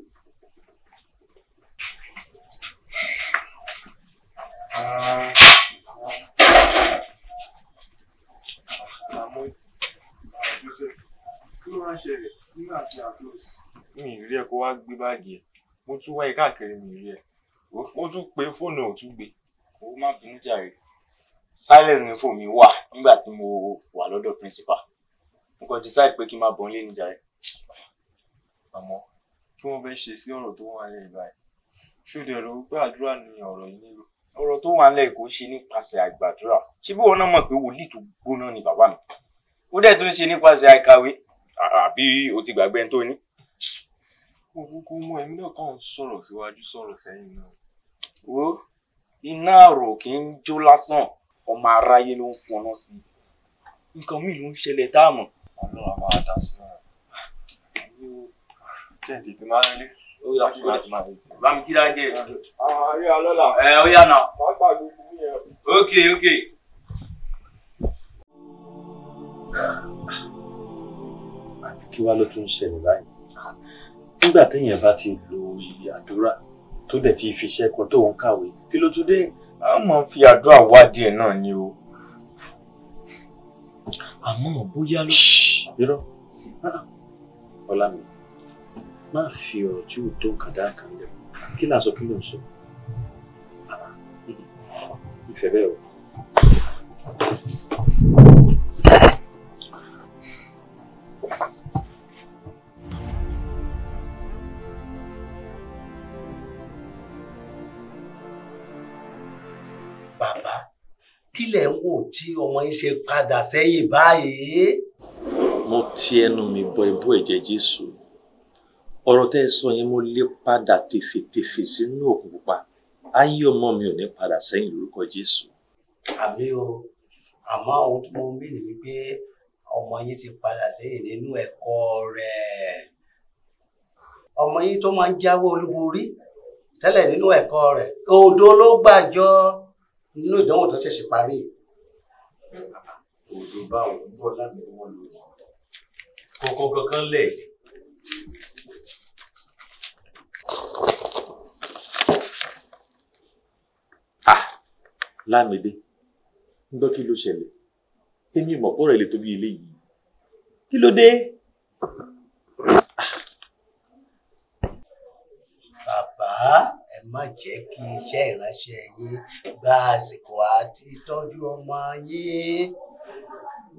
mi rí ẹ kó wá gbé báàgì ẹ mo tún wá ẹ káàkiri mi rí ẹ mo tún pe fóònù ò tún gbé o má bínú jàre silence ni fóònù mi wà nígbà tí mo wà lọ́dọ̀ principal mo kàn decide pé kí n má bọ̀ nílé níjàre àmọ́ kí wọ́n fẹ́ ṣe sí ọ̀rọ̀ tó wà lẹ́yìn báyìí ṣó dẹ̀ rò pé àdúrà ni yìí nílò ọ̀rọ̀ tó wà nílẹ̀ kò ṣe nípasẹ̀ àgbàdúrà ṣé bí wọn náà mọ̀ pé wòlíì tó gbóná ni bàbá mi ó dẹ̀ tún ṣe nípasẹ̀ àìkàwé àbí o ti gbàgbé ẹni tó ní. kókó mọ èmi náà kàn ń sọ̀rọ̀ síwájú sọ̀rọ̀ sẹ́yìn náà. wo iná àrò kì í jó lásán ọmọ aráyé ló ń fọnà sí i nǹkan míì ló ń ṣẹlẹ̀ táàmù. ọlọ́run á máa dá sí i. tẹ̀ǹtì ti máa ń lé ó yà kí láti máa retí. bá mi kí lájẹ. Ah, ok ok. àbí kí wàá ló tún ṣẹlẹ̀ láyé nígbà téèyàn bá ti lo àdúrà tó dẹ̀ ti fi iṣẹ́ kan tóun kàwé kí ló tún dé a máa ń fi àdúrà wádìí ẹ̀ náà ni o àmọ́ bóyá ló. irọ́ ọlá mi má fi ọ̀rọ̀ tí ò tó nǹkan dára kan lẹ̀ kí là sọ kí ló ń sọ ìfẹ́ o. bàbá kílẹ̀ ń wò tí ọmọ yín ṣe padà sẹ́yìn báyìí. mo ti ẹnu mi bọ ibú ẹ̀jẹ̀ jésù ọ̀rọ̀ tẹ́ ẹ sọ yẹn mo lé padà tèfètèfè sínú òkun pupa ayé ọmọ mi ò ní padà sẹ́yìn lórúkọ Jésù. àbí o àmọ́ ohun tó mọ̀ mí ni wípé ọmọ yín ti padà sẹ́yìn nínú ẹ̀kọ́ rẹ̀ ọmọ yín tó máa ń jáwé olúborí tẹ́lẹ̀ nínú ẹ̀kọ́ rẹ̀ òdo ló gbàjọ nínú ìdánwò tó ṣẹ̀ṣẹ̀ parí òdo báwo bọ́lá mi wọ́n lò wọ́n kókó kankan lẹ̀ yìí. lámìdé ń gbọ́ kí ló ṣẹlẹ̀ kémi mọ̀ kó rẹ̀ lè tóbi ilé yìí kí ló dé. bàbá ẹ má jẹ́ kí iṣẹ́ ìránṣẹ́ yín gba àsìkò àti ìtọ́jú ọmọ yín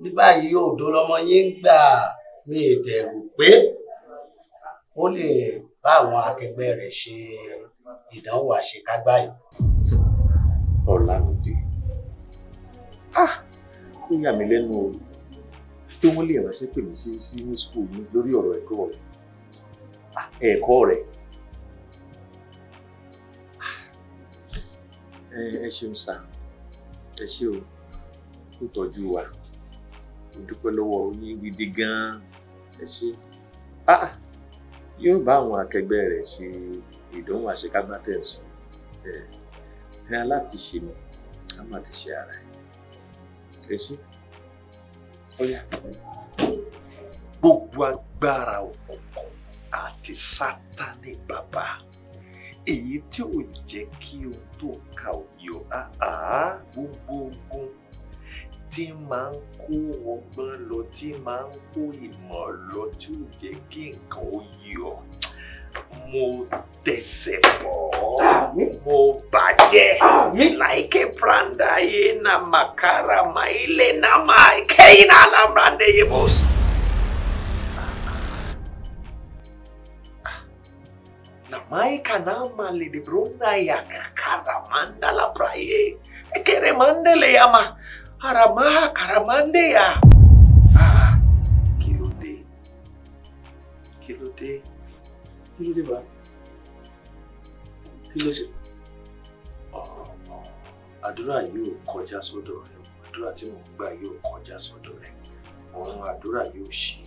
ní báyìí òdo lọmọ yín ń gbà mí ìdẹ̀rù pé ó lè bá àwọn akẹgbẹ́ rẹ̀ ṣe ìdánwò àṣekágbá yìí. Ah. ó yà mí lẹ́nu o pé wọ́n lè ránṣẹ́ pè mí sí sí ní school mi lórí ọ̀rọ̀ ẹ̀kọ́ rẹ̀ ah, ẹ̀kọ́ rẹ̀ ah. ẹ ṣeun sá ẹ ṣe o kó tọ́jú wa mo dúpẹ́ lọ́wọ́ yín gidi gan-an ẹ ṣe yóò bá àwọn akẹgbẹ́ rẹ̀ ṣe ìdánwò àṣekágbá tẹ̀sán ẹ aláàtìṣe mi a máa ṣe ara ẹ nífẹ̀ẹ́ sí. Gbogbo agbára òkùnkùn àti sátani bàbá èyí tí ò jẹ́ kí o tó ka òye àá gbogbo ogun tí máa ń kó ọgbọ́n lọ tí máa ń kó ìmọ̀ lọ tí ò jẹ́ kí nǹkan ó yé mo tẹsẹ̀ bọ̀ mo bàjẹ́ láìké branda yé na makara ma ilé na ma kéyìn na alambrande yé mo. Namaika nama lidibruna ya kakara mandala praye. Ekere mandele yama. Aramaha karamande ya. Ah, kí ló Kilo de, ló dé kí ló dé bá kí ló ṣe àdúrà yóò kọjá sọ́dọ̀ rẹ àdúrà tí mò ń gbà yóò kọjá sọ́dọ̀ rẹ ọ̀run àdúrà yóò ṣe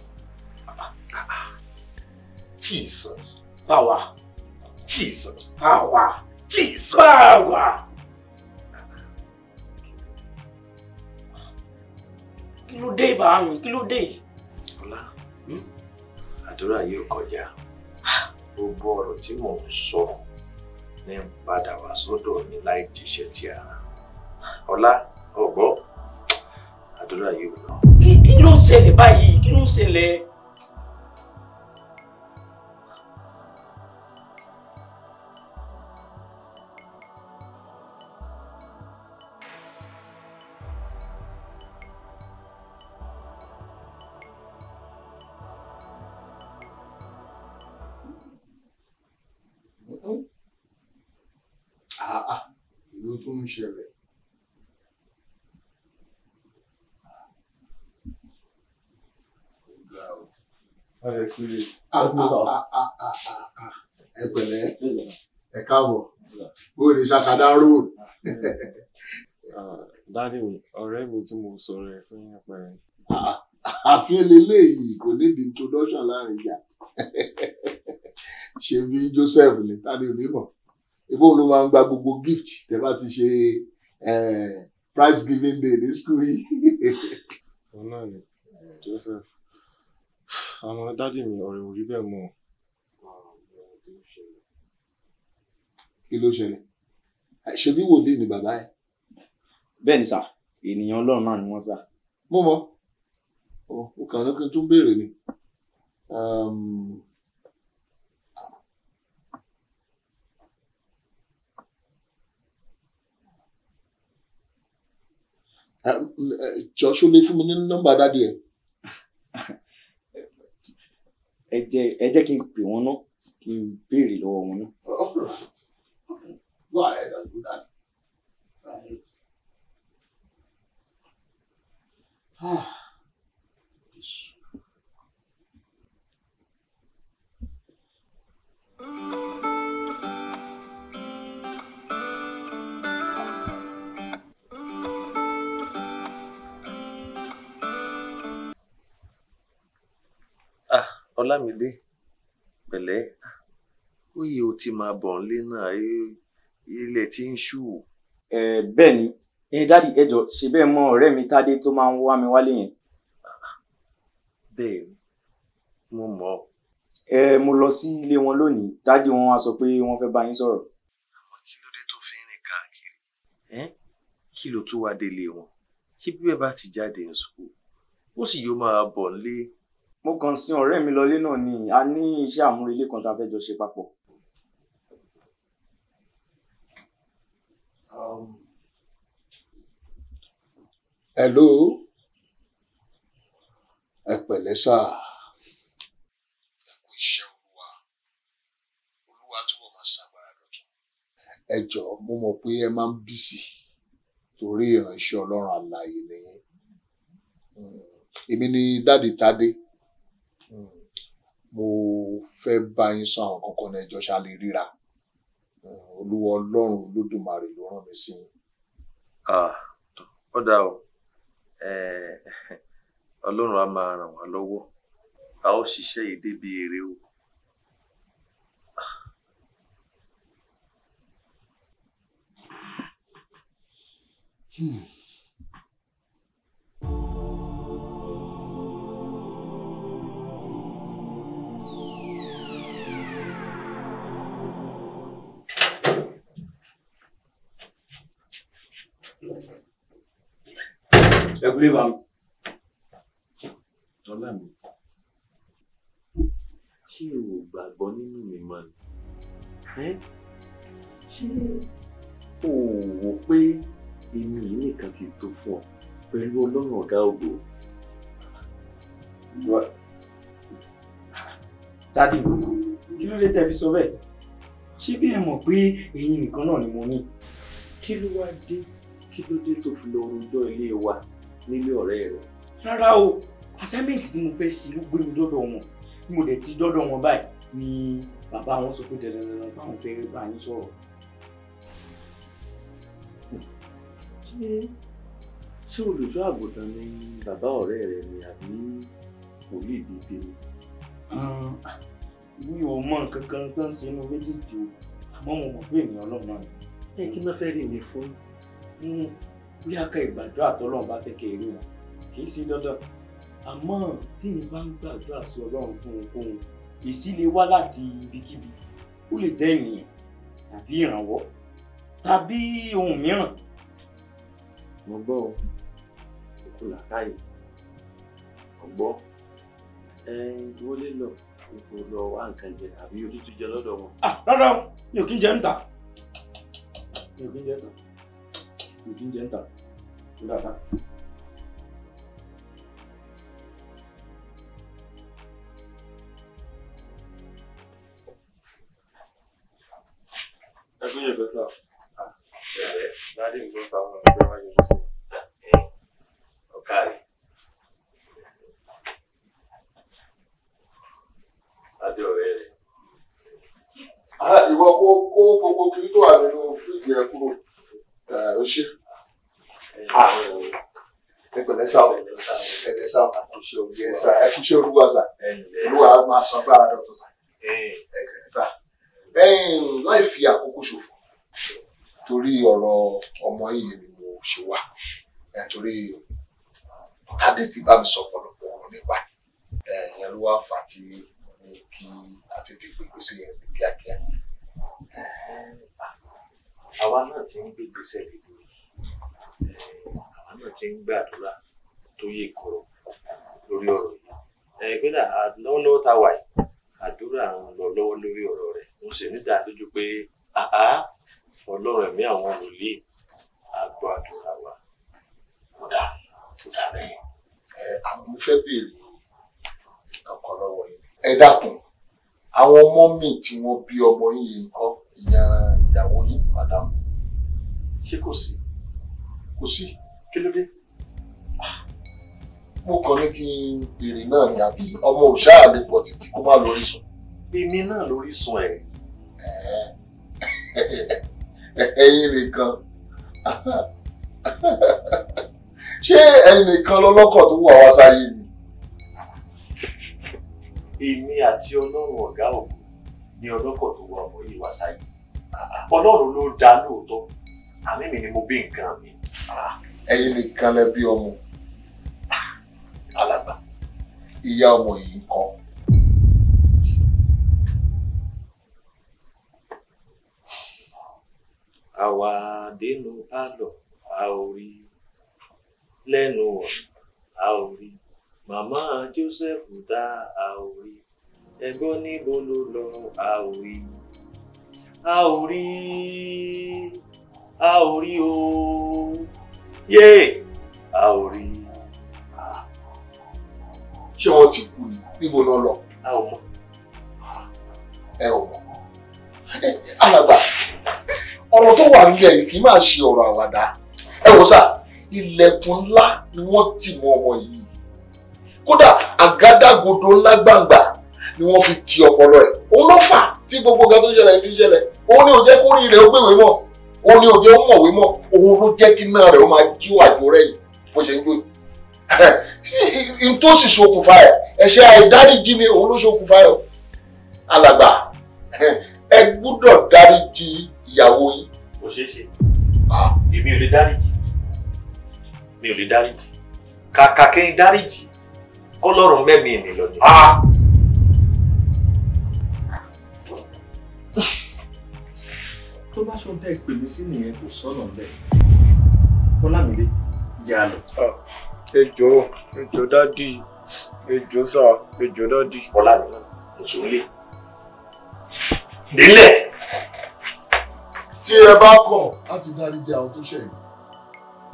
Jesus power Jesus power Jesus power. kí ló dé ìbámu kí ló dé. ọlá hmm? àdúrà yóò kọjá gbogbo ọ̀rọ̀ tí mò ń sọ ní ń padà wá sọ́dọ̀ mi láì jíṣẹ́ ti ara ọlá ọgbọ àdúrà yìí lọ. kí ló ń ṣẹlẹ̀ báyìí kí ló ń ṣẹlẹ̀. Ah, ah, ah, ẹ pẹ̀lẹ́ ẹ káàbọ̀ bó o lè ṣàkàdá road. dáàdì mi ọ̀rẹ́ mi tí mo sọ̀rọ̀ ẹ̀ fún yín pẹ̀lú. àfihàn eléyìí kò nídìí introduction láàrin ìjà ṣe bí Joseph ní tani onímọ̀ ibo ló máa ń gba gbogbo gift tẹ bá ti ṣe prize giving day ní school yìí. òun náà ni Joseph àmọ́ dádì mi ọ̀rẹ́ ò rí bẹ́ẹ̀ mọ́ kí ló ṣẹlẹ̀ ṣebí wòlíì ni bàbá ẹ. bẹ́ẹ̀ ni sà ènìyàn ọlọ́run náà ni wọ́n sà. mo mọ o kàn lókè tó ń béèrè ni ehm, jọ ṣó lè fún mi ní nọ́mbà dádì ẹ jẹ́ ẹ jẹ́ kí n pè wọ́n ná kí n béèrè lọ́wọ́ wọn ná. all right ọlámídé pẹ̀lẹ́ ó yẹ o ti máa bọ̀ nílé náà ilẹ̀ tí ń ṣú. bẹ́ẹ̀ ni ẹ dáàdi ẹ jọ ṣe bẹ́ẹ̀ mọ ọ̀rẹ́ mi tádé tó máa ń wá mi wálé yẹn. bẹ́ẹ̀ mo mọ̀ ọ́. ẹ mo lọ sí ilé wọn lónìí dáàdi wọn wá sọ pé wọ́n fẹ́ bá yín sọ̀rọ̀. àmọ́ kí ló dé tó fi ń rìn káàkiri kí ló tún wá délé wọn ṣé bí bá ti jáde ní sùkúl ó sì yóò máa bọ̀ nílé mo kàn sin ọ̀rẹ́ mi lọlé náà ni a ní iṣẹ́ àmúrelé kan tá a fẹ́ jọ ṣe papọ̀. Um, hello ẹ pẹ̀lẹ́ sáà ẹ kú iṣẹ́ olúwa olúwa túbọ̀ máa ṣàgbára dọ̀tún. ẹ jọ̀ọ́ mo mọ̀ pé ẹ máa ń bísí torí ìránṣẹ́ ọlọ́run àlàyé nìyẹn hmm, èmi ni dáàdì Tádé mo fẹ́ bá yín sọ àwọn kankan náà ẹjọ́ ṣá lè ríra olúwa ọlọ́run olódùmarè ló rán mi sí yín. ó dáa o ọlọ́run á máa ràn wá lọ́wọ́ a ó ṣiṣẹ́ yìí débi èrè o. Hmm. everyone. ọlá mi ṣé o gbàgbọ́ nínú mi mọ́ ni ṣé o wò pé èmi yìí nìkan ti tó fún ọ pẹ̀lú ọlọ́run ọ̀gá ògbó. dádì kí ló dé tẹ́ fi sọ bẹ́ẹ̀ ṣé bí ẹ mọ̀ pé èyí nìkan náà ni mo ní kí ló wá dé kí nílé ọ̀rẹ́ rẹ̀. rárá o assignment tí mo fẹ́ ṣe ló gbé mi dọ́dọ̀ wọn bí mo dẹ̀ ti dọ́dọ̀ wọn báyìí ni bàbá wọn sọ pé dandan dandan báwọn fẹ́ bá yín sọ̀rọ̀. ṣé ṣé olùṣọ́ àgùntàn ni bàbá ọ̀rẹ́ rẹ̀ ni àbí kò lè dìde ni. mi ò mọ nǹkan kan tó ń ṣe inú méjèèjì o àmọ́ mo mọ̀ pé ènìyàn ọlọ́run náà ni. ẹ kí n fẹ́ rí mi fún hmm torí aka ìgbàdúrà tọ́lọ́run bá fẹ́ kẹ́ rí wọn kì í sí dandan àmọ́ tí n bá ń gbàdúrà sí ọlọ́run fún ohunkóhun èsì lè wá láti ibikíbi ó lè jẹ́ ènìyàn tàbí ìrànwọ́ tàbí ohun mìíràn. mo gbọ́ ọ kò làkàyè ọgbọ́ ẹ wọlé lọ kò lọ wá nǹkan jẹ àbí orí tún jẹ lọ́dọ̀ wọn. Ah, rárá mi ò kí ń jẹ ń ta mi ò kí ń jẹ ń ta. 古今典等，主打它。哎，估计不是啊，对对，那你们啥物事？我就是，哎，我干的。ìwọ kó kó gbogbo kiri tó wà nínú fíríjì ẹ kúrò ó ṣe ẹgbẹ̀lẹ́ sáwọ̀ ẹgbẹ̀lẹ́ sáwọ̀ ẹgbẹ̀lẹ́ sáwọ̀ ẹ fún ṣé olúwa sà olúwa máa san gbára dọ̀tọ̀ sà ẹgbẹ̀lẹ́ sà láì fi àkókò ṣòfò torí ọ̀rọ̀ ọmọ yìí ni mo ṣe wà torí tádé ti bá mi sọ ọ̀pọ̀lọpọ̀ ọ̀rọ̀ nípa ẹ̀yìn ló wá fà á tí mo ní kí àtètè gbégbé sí yẹn ní kíákíá àwa náà ti ń gbé ìgbésẹ̀ lè lórí eh, àwa náà ti ń gbàdúrà tó yè kọrọ lórí ọ̀rọ̀ yìí pínlẹ lọ́wọ́lọ́wọ́ tá a wà yìí àdúrà ń lọ lọ́wọ́ lórí ọ̀rọ̀ rẹ̀ mo sì ní ìdádójú pé àá Ọlọ́run ẹ̀mí àwọn wòlíì àgbọ àdúrà wa. kódà kódà bẹ́ẹ̀ eh, àwọn mo fẹ́ béèrè lọ́wọ́ yìí ẹ dákun àwọn ọmọ mi tí wọ́n bí ọmọ yìí nǹkan ìyá ìyàwó yín madam ṣé kò sí kò sí kí ló dé ah, mo kàn ní kí n béèrè náà ni àbí ọmọ òṣà lè pọ̀ títí kó má lórí sùn. èmi náà lórí sùn ẹ̀. ẹ̀yin nìkan [LAUGHS] ṣé ẹ̀yin nìkan lọ́lọ́kọ̀ tó wà wá sáyé ni. èmi àti ọlọ́run ọ̀gá ògùn ni ọlọ́kọ̀ tó wà ọmọ yìí wá sáyé ọlọ́run ló dá lóòótọ́ àmì mi ni mo bí nǹkan mi. ẹ̀yin nìkan lẹ bí ọmọ alàgbà ìyá ọmọ yìí ń àwa dénú pálọ̀ a ò rí lẹ́nu ọ̀nà a ò rí màmá Joseph dá a ò rí ẹgbọ́n níbo ló lọ a ò rí a ò rí a ò rí o yé a ò rí. ṣé wọn ti kú ni níbo náà lọ. a ò mọ. ẹ ò mọ alàgbà ọ̀rọ̀ tó wà nílẹ̀ yìí kì í máa ṣe ọ̀rọ̀ àwàdà ẹ wò sá ilẹ̀kùn ńlá ni wọ́n tì mọ́ ọmọ yìí kódà àgádágodo ńlá gbàǹgbà ni wọ́n fi ti ọpọlọ ẹ̀ òun ló fà tí gbogbo ga tó ṣẹlẹ̀ fi ṣẹlẹ̀ òun ni ò jẹ́ kórìí rẹ̀ ó gbèwé mọ̀ òun ni ò jẹ́ ó mọ̀wé mọ̀ òun ló jẹ́ kí náà rẹ̀ ó máa jí wàjò rẹ̀ yìí bó ṣe ń jó [LAUGHS] sí n tó sì ṣokùnfà ẹ ẹ̀ṣẹ̀ àìdáríjì ni òun ló ṣokùnfà ẹ o alàgbà [LAUGHS] ẹ gbúdọ̀ dáríjì ìyàwó yìí. kò ṣeé ṣe èmi ò lè dáríjì mi ò lè dáríjì kàkà kí n dáríjì kọlọ́run mẹ́mìí mi lọ [LAUGHS] tó bá ṣohun tẹ́ ẹ pè mí sí nìyẹn kò sọ̀nà bẹ́ẹ̀ Bọ́lámídé jẹ́ àlọ́. Ah, ejò ejò dádì ejò sá ejò dádì. Bọ́lámídé ejò ń lè délẹ̀. tí ẹ bá kọ̀ láti dáríjì àwọn tó ṣẹ̀yìn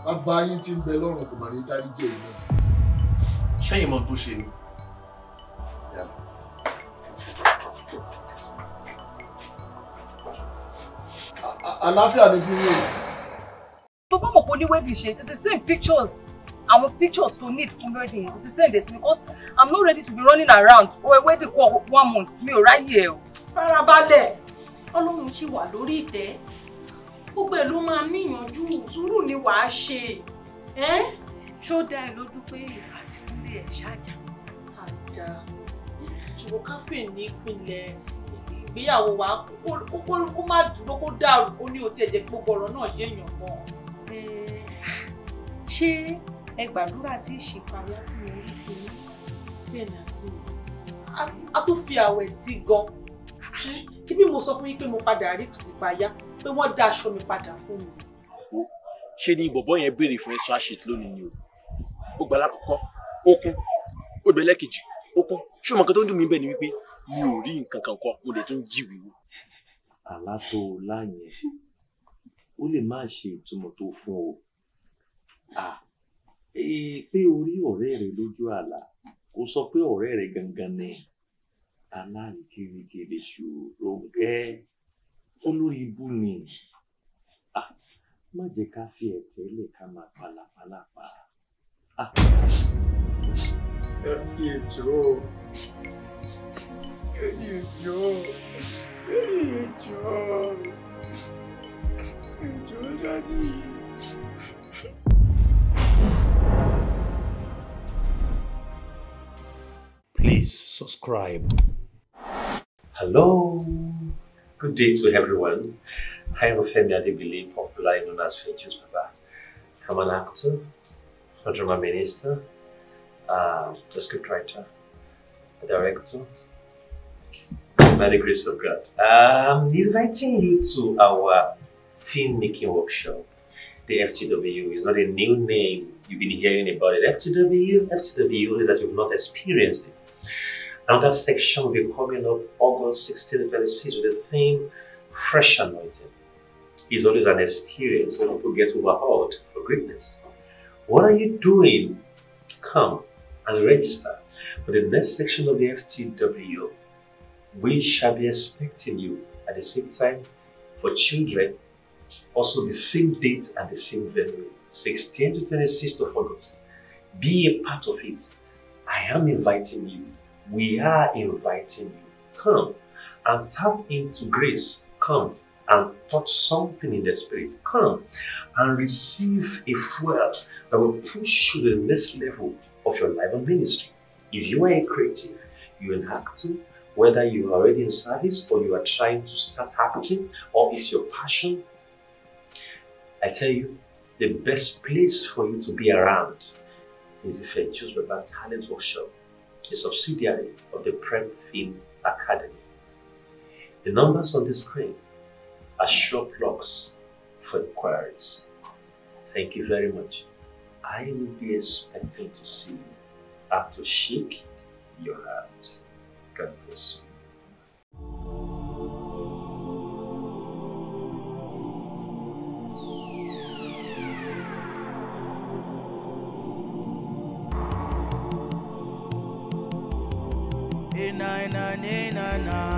bàbá yín tí ń bẹ lọ́rùn kò mà ní dáríjì ẹ̀yìn náà. ṣẹ́yìn mọ́ tó ṣe ni àlàáfíà ni fún yín. tó bá mọ̀ pé oníwèébì ṣe the same pictures àwọn pictures to need fún wedding the same this because i'm not ready to be running around for a wedding for one month mi ò ráyè ẹ o. farabalẹ̀ ọlọ́run ṣì wà lórí ìtẹ́ gbogbo ẹ̀ ló máa níyànjú sùúrù ni wàá ṣe ṣó dá ẹ lójú pé àtìkúlé ẹ̀ ṣáàjà. àjà ṣùgbọ́n káfíń ní ìpínlẹ̀ ìgbéyàwó wa kó má dúró kó dàrú kó ní o tiẹ̀ jẹ́ gbogbo ọ̀rọ̀ náà yéèyàn mọ́. Eh, ṣé ẹ gbàdúrà sí ìṣèpàwé àtúnyẹ orí ti ní bẹ́ẹ̀ náà sí a tún fi àwẹ̀ tí gan ṣé bí mo sọ fún yín pé mo padà rí tùtùpáyà pé wọ́n dá aṣọ mi padà fún mi. ṣé ni bọ̀bọ́ yẹn béèrè fún extra sheet lónìí ni o ó gbà lákòókò ó ó gbẹ lẹ́kejì ó ṣé o mọ̀ nǹkan tó ń dùn mí bẹ́ẹ̀ ni wípé mi ò rí nǹkan kan kọ mo lè tún jí wíwú. àlá tó o lá yẹn ó lè má ṣe ìtumọ̀ tó fún o pé o rí ọ̀rẹ́ rẹ lójú àlá kò sọ pé ọ̀rẹ́ rẹ gangan ni aláàríkèrèkèrè ṣòro gẹ́ olórí ibú ni má jẹ́ ká fi ẹ̀tẹ́ lẹ̀ ká máa palapalapa. ẹ kí ètò o. ẹjọ́ ẹjọ́ ẹjọ́ dájú yìí. Please subscribe. Hello. Good day to everyone. I am Femi Adebile, popularly known as Finchus Baba. I'm an actor, a drama minister, uh, a scriptwriter, a director, by the grace of God. I'm um, inviting you to our filmmaking workshop. The FTW is not a new name. You've been hearing about it. FTW, FTW, only that you've not experienced it. Another section will be coming up August 16th, 26th with the theme Fresh Anointing. It's always an experience when people get overhauled for greatness. What are you doing? Come and register for the next section of the FTW we shall be expecting you at the same time for children, also the same date and the same venue, 16 to 26th of August. Be a part of it. I am inviting you. We are inviting you. Come and tap into grace. Come and touch something in the spirit. Come and receive a fuel that will push you to the next level of your life and ministry. If you are a creative, you're an actor, whether you are already in service or you are trying to start acting or it's your passion, I tell you, the best place for you to be around is if I choose Baba Talent Workshop, a subsidiary of the Prep Film Academy. The numbers on the screen are sure plugs for inquiries. Thank you very much. I will be expecting to see you after shake your hands canvas. na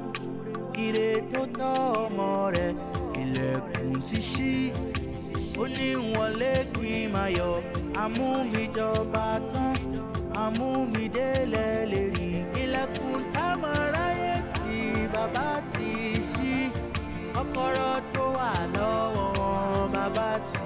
ire tó tọ́ ọmọ rẹ̀ ilẹ̀kùn ti ṣí ó ní wọlé gbin mayọ̀ amúmijọba tán amúmidélẹ̀ lè rí ilẹ̀kùn támọ̀ráyé tí bàbá ti ṣí kọ́kọ́rọ́ tó wà lọ́wọ́ bàbá ti.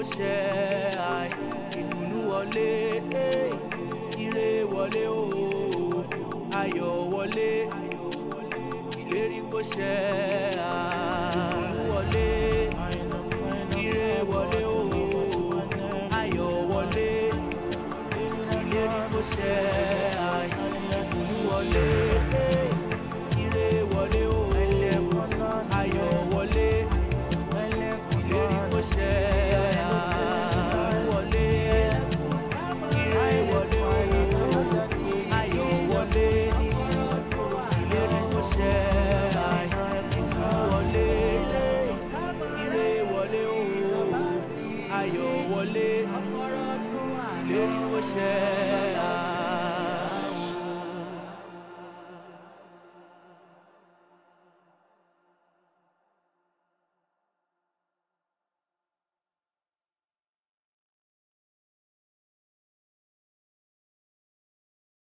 kó ṣe àì ìdùnnú wọlé eh, ire wọlé o ayọ̀ wọlé ìlérí kó ṣe